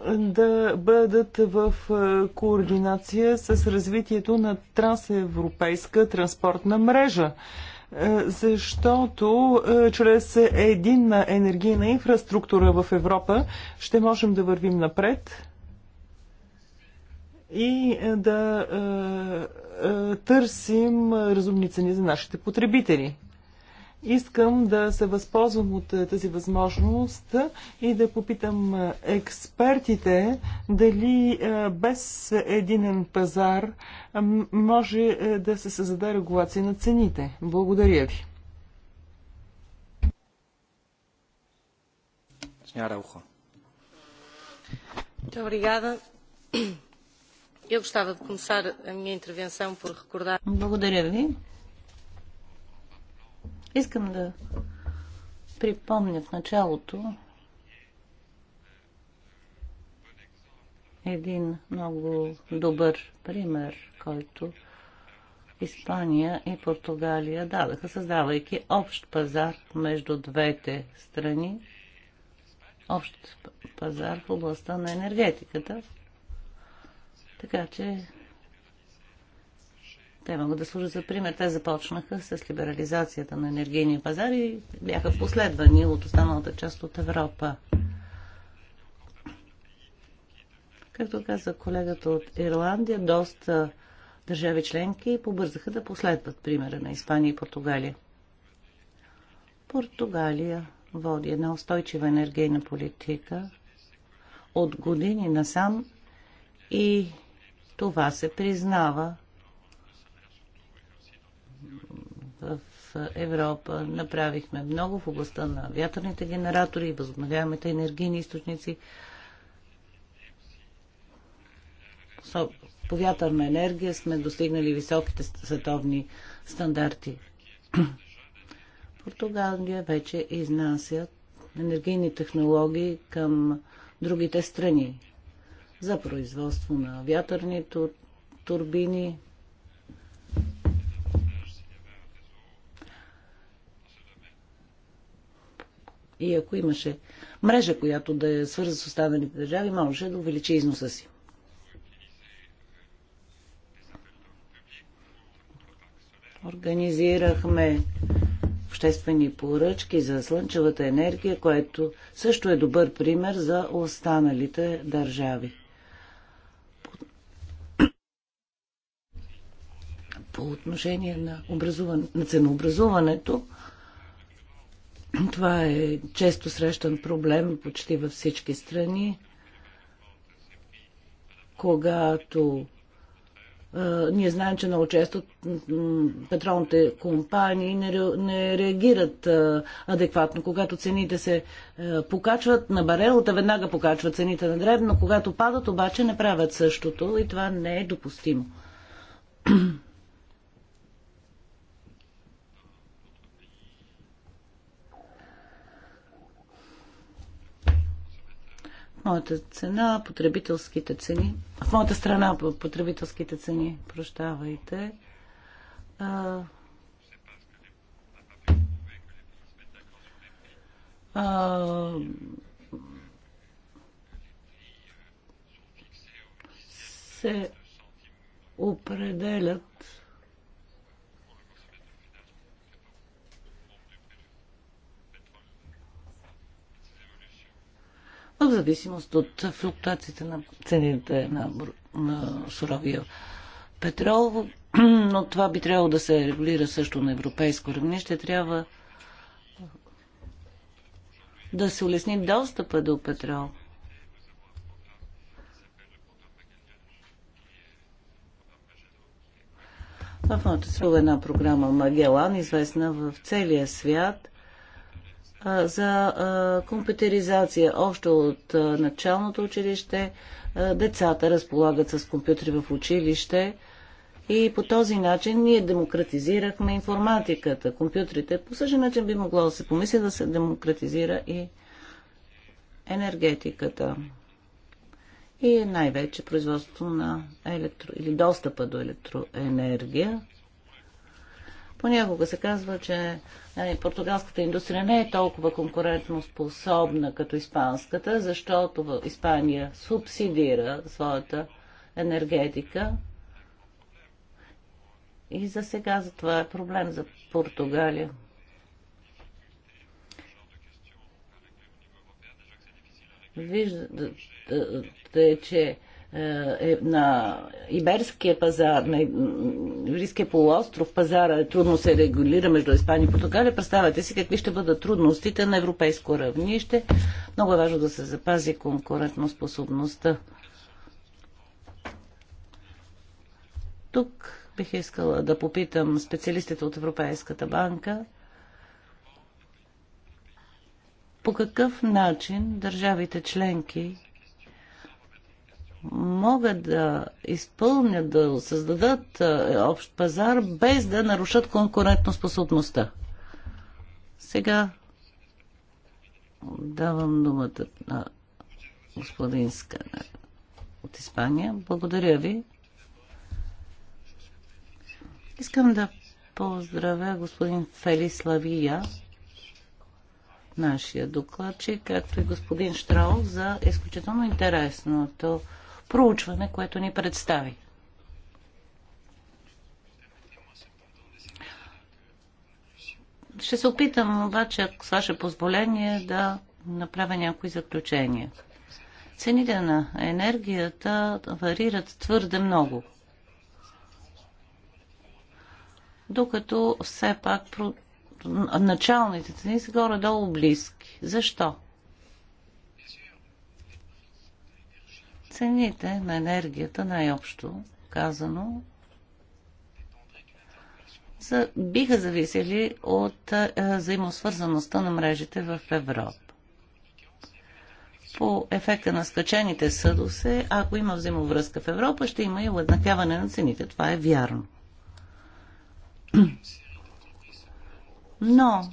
е, да бъдат в е, координация с развитието на трансевропейска транспортна мрежа защото чрез единна енергийна инфраструктура в Европа ще можем да вървим напред и е, да е, е, търсим разумни цени за нашите потребители. Искам да се възползвам от тази възможност и да попитам експертите дали без единен пазар може да се създаде регулация на цените. Благодаря ви. Добре, благодаря ви. Искам да припомня в началото един много добър пример, който Испания и Португалия дадаха, създавайки общ пазар между двете страни, общ пазар в областта на енергетиката, така че те могат да служат за пример. Те започнаха с либерализацията на енергийния пазар и бяха последвани от останалата част от Европа. Както каза колегата от Ирландия, доста държави членки побързаха да последват примера на Испания и Португалия. Португалия води една устойчива енергийна политика от години насам и това се признава в Европа. Направихме много в областта на вятърните генератори и възобновяемите енергийни източници. По вятърна енергия сме достигнали високите световни стандарти. Португалия вече изнася енергийни технологии към другите страни за производство на вятърни турбини. И ако имаше мрежа, която да е свърза с останалите държави, можеше да увеличи износа си. Организирахме обществени поръчки за слънчевата енергия, което също е добър пример за останалите държави. по отношение на, образуван... на ценообразуването. Това е често срещан проблем почти във всички страни, когато ние знаем, че много често петролните компании не, реагират адекватно. Когато цените се покачват на барелата, веднага покачват цените на дребно. Когато падат, обаче не правят същото и това не е допустимо. моята цена, потребителските цени, в моята страна потребителските цени, прощавайте, а, а, се определят в зависимост от флуктуациите на цените на, на суровия петрол, но това би трябвало да се регулира също на европейско равнище. Трябва да се улесни достъпа до петрол. В моята една програма Магелан, известна в целия свят за компютеризация. Още от началното училище децата разполагат с компютри в училище и по този начин ние демократизирахме информатиката, компютрите. По същия начин би могло да се помисли да се демократизира и енергетиката и най-вече производството на електро или достъпа до електроенергия. Понякога се казва, че нали, португалската индустрия не е толкова конкурентно способна като испанската, защото в Испания субсидира своята енергетика. И за сега за това е проблем за Португалия. Виждате, че е, е, на Иберския пазар, на Иберския полуостров пазара е трудно се регулира между Испания и Португалия. Представете си какви ще бъдат трудностите на европейско равнище. Много е важно да се запази конкурентоспособността. Тук бих искала да попитам специалистите от Европейската банка по какъв начин държавите членки могат да изпълнят, да създадат общ пазар, без да нарушат конкурентоспособността. Сега давам думата на господин Сканер от Испания. Благодаря ви. Искам да поздравя господин Фелис Лавия, нашия докладчик, както и господин Штраус за изключително интересното проучване, което ни представи. Ще се опитам обаче, с ваше позволение, да направя някои заключения. Цените на енергията варират твърде много. Докато все пак началните цени са горе-долу близки. Защо? Цените на енергията, най-общо казано, за, биха зависели от а, взаимосвързаността на мрежите в Европа. По ефекта на скачените съдосе, ако има взаимовръзка в Европа, ще има и уеднаквяване на цените. Това е вярно. Но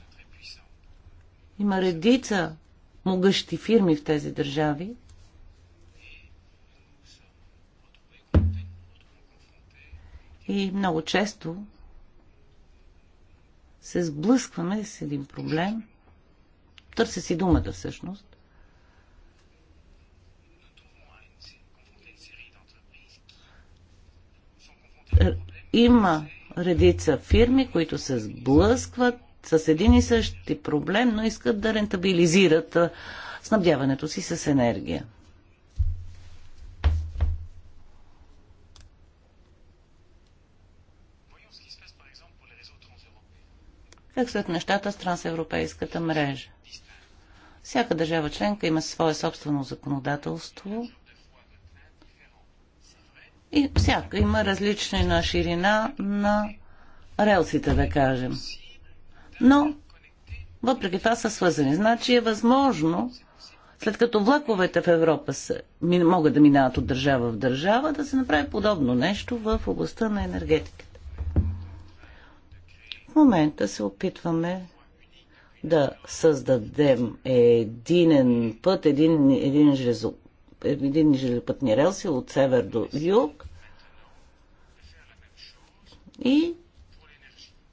има редица могъщи фирми в тези държави, И много често се сблъскваме с един проблем. Търся си думата всъщност. Има редица фирми, които се сблъскват с един и същи проблем, но искат да рентабилизират снабдяването си с енергия. как след нещата с трансевропейската мрежа. Всяка държава членка има свое собствено законодателство и всяка има различни на ширина на релсите, да кажем. Но, въпреки това са свързани. Значи е възможно, след като влаковете в Европа са, могат да минават от държава в държава, да се направи подобно нещо в областта на енергетиката момента се опитваме да създадем единен път, един, един, железо, един железопътни релси от север до юг и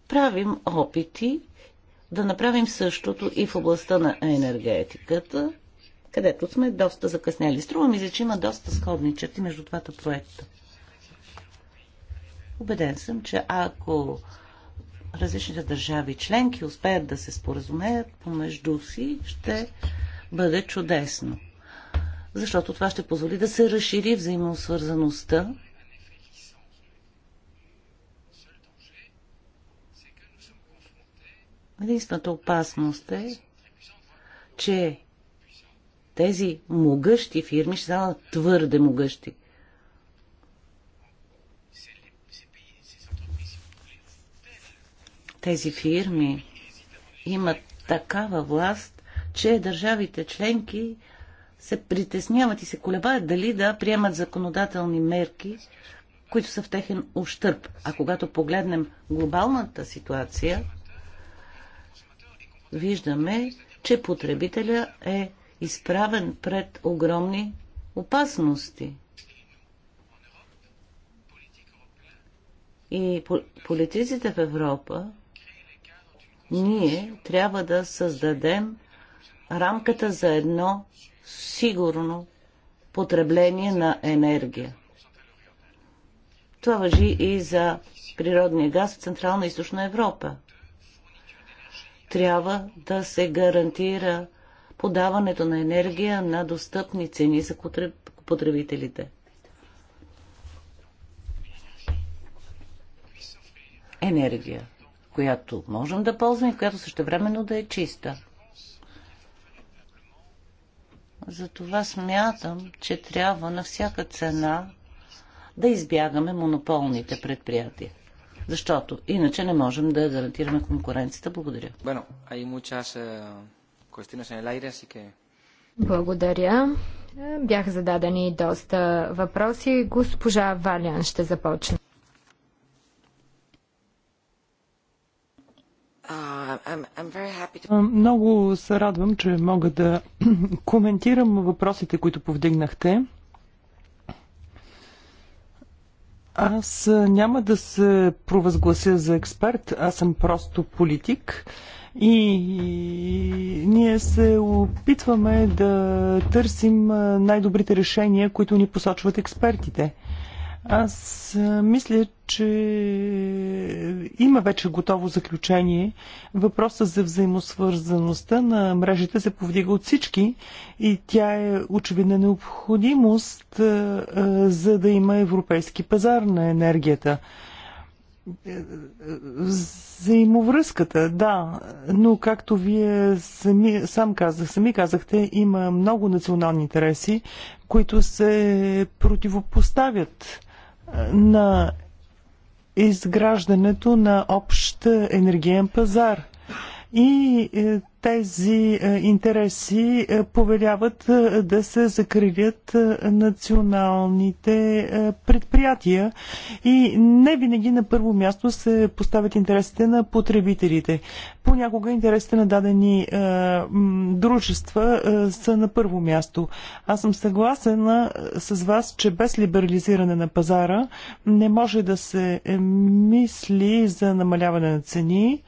правим опити да направим същото и в областта на енергетиката, където сме доста закъсняли. Струва ми се, че има доста сходни черти между двата проекта. Обеден съм, че ако различните държави членки успеят да се споразумеят помежду си, ще бъде чудесно. Защото това ще позволи да се разшири взаимосвързаността Единствената опасност е, че тези могъщи фирми ще станат твърде могъщи. тези фирми имат такава власт, че държавите членки се притесняват и се колебаят дали да приемат законодателни мерки, които са в техен ущърп. А когато погледнем глобалната ситуация, виждаме, че потребителя е изправен пред огромни опасности. И политиците в Европа ние трябва да създадем рамката за едно сигурно потребление на енергия. Това въжи и за природния газ в Централна и Източна Европа. Трябва да се гарантира подаването на енергия на достъпни цени за потребителите. Енергия която можем да ползваме и която същевременно да е чиста. Затова смятам, че трябва на всяка цена да избягаме монополните предприятия. Защото иначе не можем да гарантираме конкуренцията. Благодаря. Eh, Благодаря. Бяха зададени доста въпроси. Госпожа Валян ще започне. Uh, много се радвам, че мога да коментирам въпросите, които повдигнахте. Аз няма да се провъзглася за експерт, аз съм просто политик. И ние се опитваме да търсим най-добрите решения, които ни посочват експертите. Аз мисля, че има вече готово заключение. Въпросът за взаимосвързаността на мрежите се повдига от всички и тя е очевидна необходимост, за да има европейски пазар на енергията. Взаимовръзката, да, но както вие сами, сам казах, сами казахте, има много национални интереси, които се противопоставят на изграждането на общ енергиен пазар. И е, тези е, интереси е, повеляват е, да се закрилят националните предприятия и не винаги на първо място се поставят интересите на потребителите. Понякога интересите на дадени дружества са на първо място. Аз съм съгласена с вас, че без либерализиране на пазара не може да се мисли за намаляване на цени,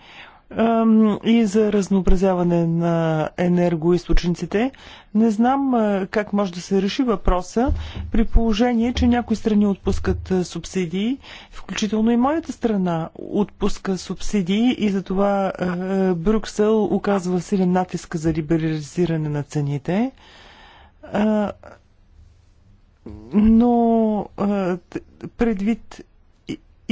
и за разнообразяване на енергоисточниците. Не знам как може да се реши въпроса при положение, че някои страни отпускат субсидии, включително и моята страна отпуска субсидии и затова Брюксел оказва силен натиск за либерализиране на цените. Но предвид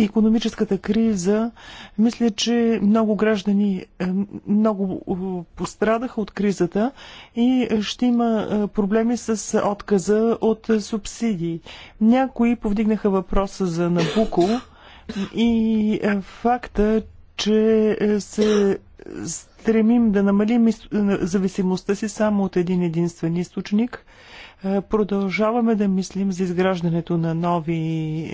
економическата криза, мисля, че много граждани е, много е, пострадаха от кризата и ще има е, проблеми с отказа от субсидии. Някои повдигнаха въпроса за Набуко и факта, че се стремим да намалим зависимостта си само от един единствен източник. Е, продължаваме да мислим за изграждането на нови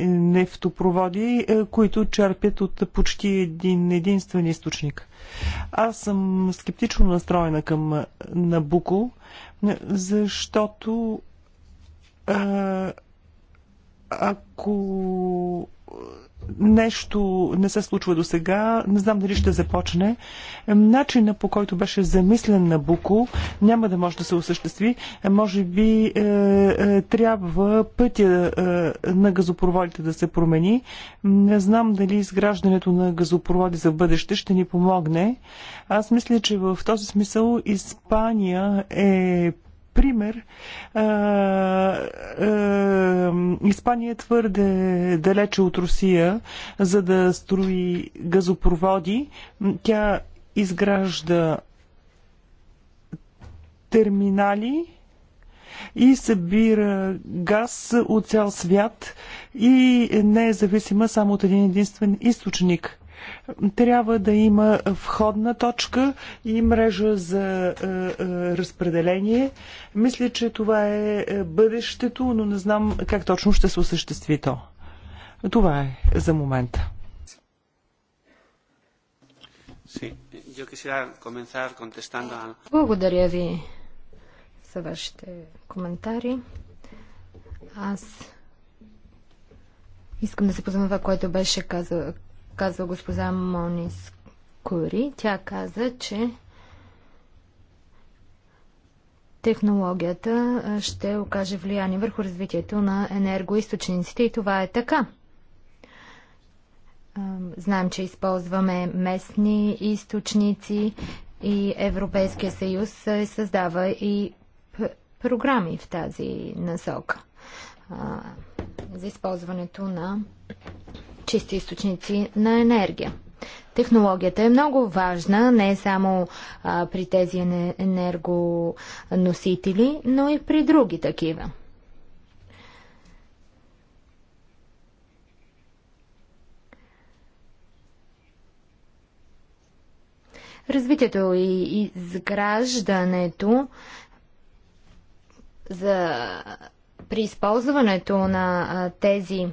нефтопроводи, е, които черпят от почти един единствен източник. Аз съм скептично настроена към Набуко, защото е, ако нещо не се случва до сега, не знам дали ще започне. Начина по който беше замислен на Буко няма да може да се осъществи. Може би е, е, трябва пътя е, на газопроводите да се промени. Не знам дали изграждането на газопроводи за бъдеще ще ни помогне. Аз мисля, че в този смисъл Испания е пример, а, а, Испания е твърде далече от Русия, за да строи газопроводи. Тя изгражда терминали и събира газ от цял свят и не е зависима само от един единствен източник. Трябва да има входна точка и мрежа за е, е, разпределение. Мисля, че това е, е бъдещето, но не знам как точно ще се осъществи то. Това е за момента. Благодаря ви за вашите коментари. Аз искам да се познава това, което беше каза, казва госпожа Монис Кури. Тя каза, че технологията ще окаже влияние върху развитието на енергоисточниците и това е така. Знаем, че използваме местни източници и Европейския съюз създава и програми в тази насока за използването на чисти източници на енергия. Технологията е много важна, не само а, при тези енергоносители, но и при други такива. Развитието и изграждането за при използването на а, тези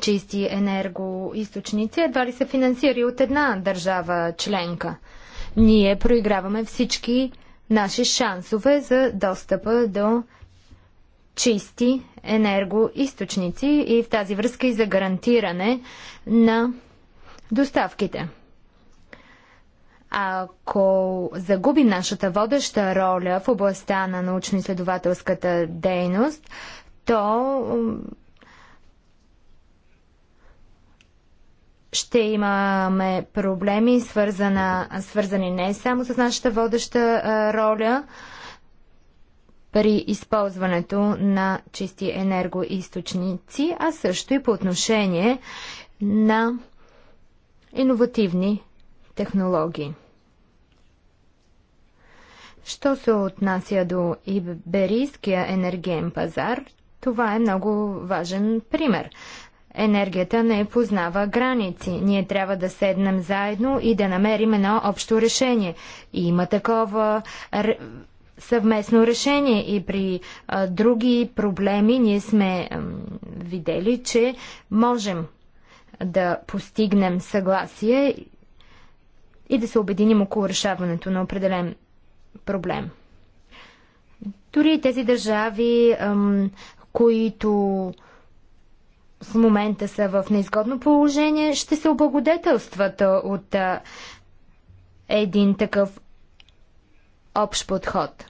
чисти енергоисточници, едва ли се финансира от една държава членка. Ние проиграваме всички наши шансове за достъпа до чисти енергоисточници и в тази връзка и за гарантиране на доставките. Ако загуби нашата водеща роля в областта на научно-изследователската дейност, то ще имаме проблеми, свързана, свързани не само с нашата водеща роля при използването на чисти енергоисточници, а също и по отношение на иновативни технологии. Що се отнася до иберийския енергиен пазар, това е много важен пример. Енергията не познава граници. Ние трябва да седнем заедно и да намерим едно общо решение. И има такова съвместно решение и при а, други проблеми ние сме а, видели, че можем да постигнем съгласие и да се обединим около решаването на определен проблем. Дори тези държави, които в момента са в неизгодно положение, ще се облагодетелстват от а, един такъв общ подход.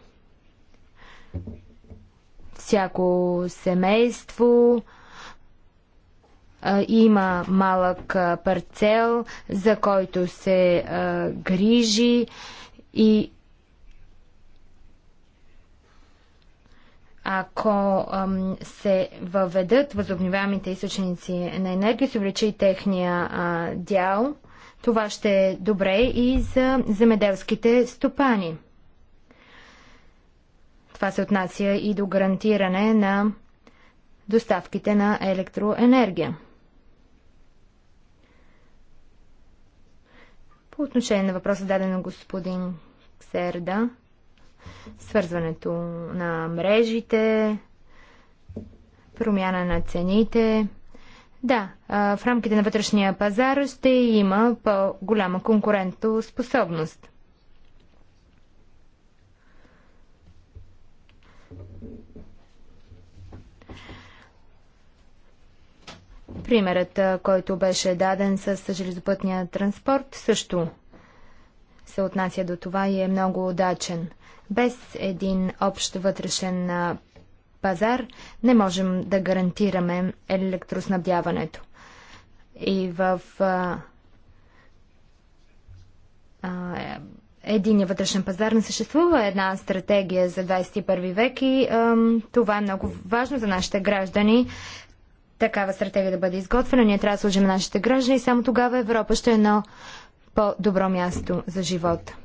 Всяко семейство а, има малък а, парцел, за който се а, грижи и ако ам, се въведат възобновяемите източници на енергия, се увеличи техния а, дял. Това ще е добре и за земеделските стопани. Това се отнася и до гарантиране на доставките на електроенергия. По отношение на въпроса даден на господин Ксерда, свързването на мрежите, промяна на цените. Да, в рамките на вътрешния пазар ще има по-голяма конкурентоспособност. Примерът, който беше даден с железопътния транспорт, също се отнася до това и е много удачен – без един общ вътрешен пазар не можем да гарантираме електроснабдяването. И в а, а, единия вътрешен пазар не съществува една стратегия за 21 век и а, това е много важно за нашите граждани. Такава стратегия да бъде изготвена. Ние трябва да служим нашите граждани и само тогава Европа ще е едно по-добро място за живота.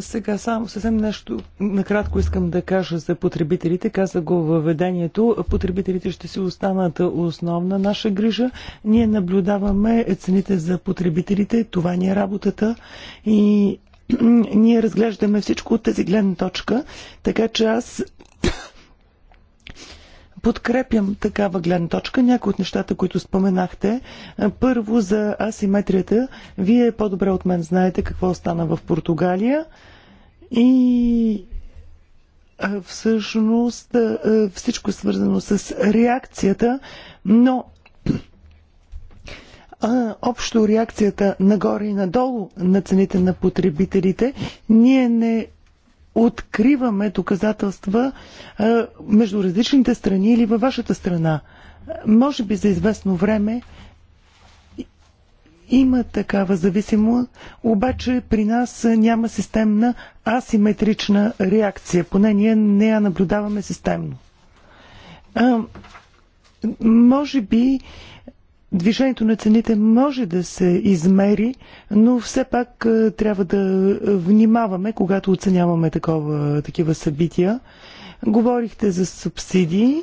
Сега само съвсем нещо накратко искам да кажа за потребителите. Каза го въведението. Потребителите ще си останат основна наша грижа. Ние наблюдаваме цените за потребителите. Това ни е работата. И ние разглеждаме всичко от тази гледна точка. Така че аз Подкрепям такава гледна точка. Някои от нещата, които споменахте. Е, първо за асиметрията. Вие по-добре от мен знаете какво стана в Португалия. И всъщност всичко е свързано с реакцията, но общо реакцията нагоре и надолу на цените на потребителите, ние не откриваме доказателства между различните страни или във вашата страна. Може би за известно време има такава зависимост, обаче при нас няма системна асиметрична реакция. Поне ние не я наблюдаваме системно. А, може би Движението на цените може да се измери, но все пак е, трябва да внимаваме, когато оценяваме такова, такива събития. Говорихте за субсидии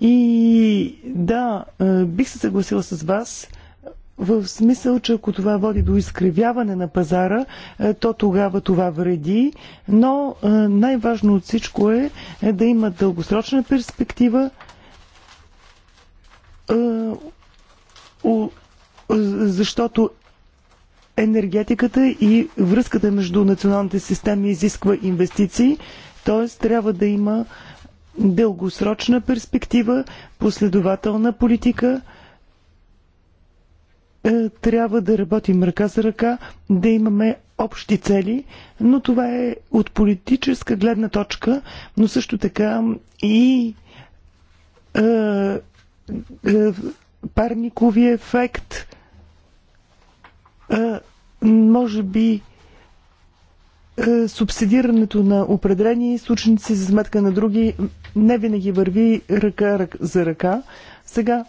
и да, е, бих се съгласила с вас, в смисъл, че ако това води до изкривяване на пазара, е, то тогава това вреди, но най-важно от всичко е да има дългосрочна перспектива, защото енергетиката и връзката между националните системи изисква инвестиции, т.е. трябва да има дългосрочна перспектива, последователна политика. Е, трябва да работим ръка за ръка, да имаме общи цели, но това е от политическа гледна точка, но също така и е, е, парниковия ефект. Може би субсидирането на определени източници за сметка на други не винаги върви ръка за ръка. Сега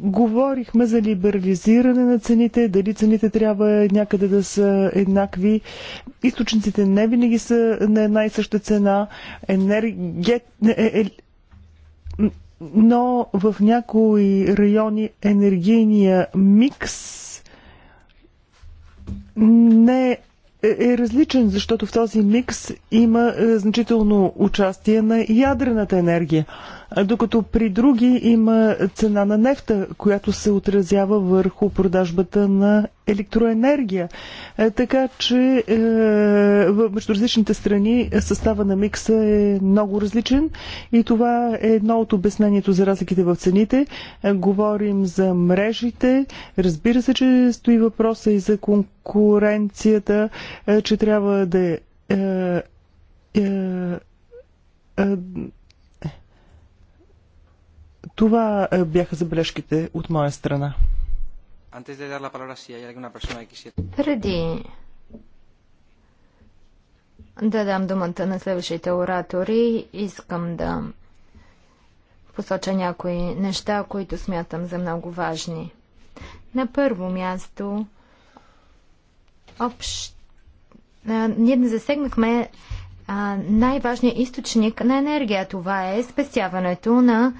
Говорихме за либерализиране на цените, дали цените трябва някъде да са еднакви. Източниците не винаги са на една и съща цена. Енергет... Е, е, е, но в някои райони енергийния микс не е различен, защото в този микс има значително участие на ядрената енергия докато при други има цена на нефта, която се отразява върху продажбата на електроенергия. Е, така че е, между различните страни състава на микса е много различен и това е едно от обяснението за разликите в цените. Е, говорим за мрежите. Разбира се, че стои въпроса и за конкуренцията, е, че трябва да е, е, е това е, бяха забележките от моя страна. Преди да дам думата на следващите оратори, искам да посоча някои неща, които смятам за много важни. На първо място, общ... а, ние не засегнахме най-важният източник на енергия. Това е спестяването на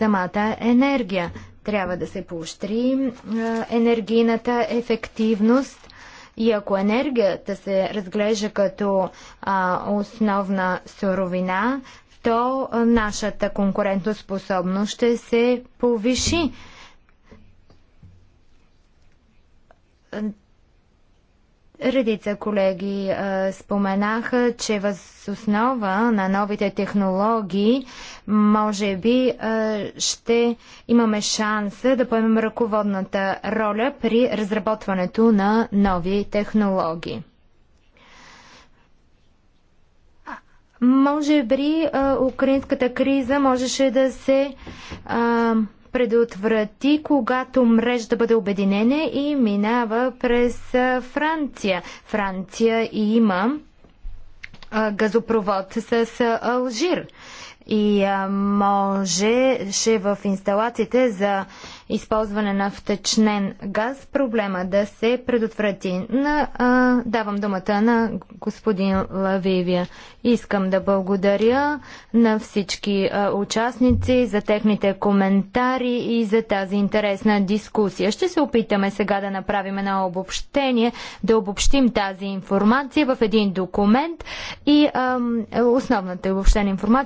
самата енергия. Трябва да се поощри енергийната ефективност и ако енергията се разглежда като а, основна суровина, то а, нашата конкурентоспособност ще се повиши. Редица колеги а, споменаха, че въз основа на новите технологии, може би а, ще имаме шанса да поемем ръководната роля при разработването на нови технологии. Може би а, украинската криза можеше да се а, предотврати, когато мреж да бъде обединена и минава през Франция. Франция има газопровод с Алжир и можеше в инсталациите за използване на втечнен газ проблема да се предотврати. На, а, давам думата на господин Лавивия. Искам да благодаря на всички а, участници за техните коментари и за тази интересна дискусия. Ще се опитаме сега да направим едно обобщение, да обобщим тази информация в един документ и а, основната обобщена информация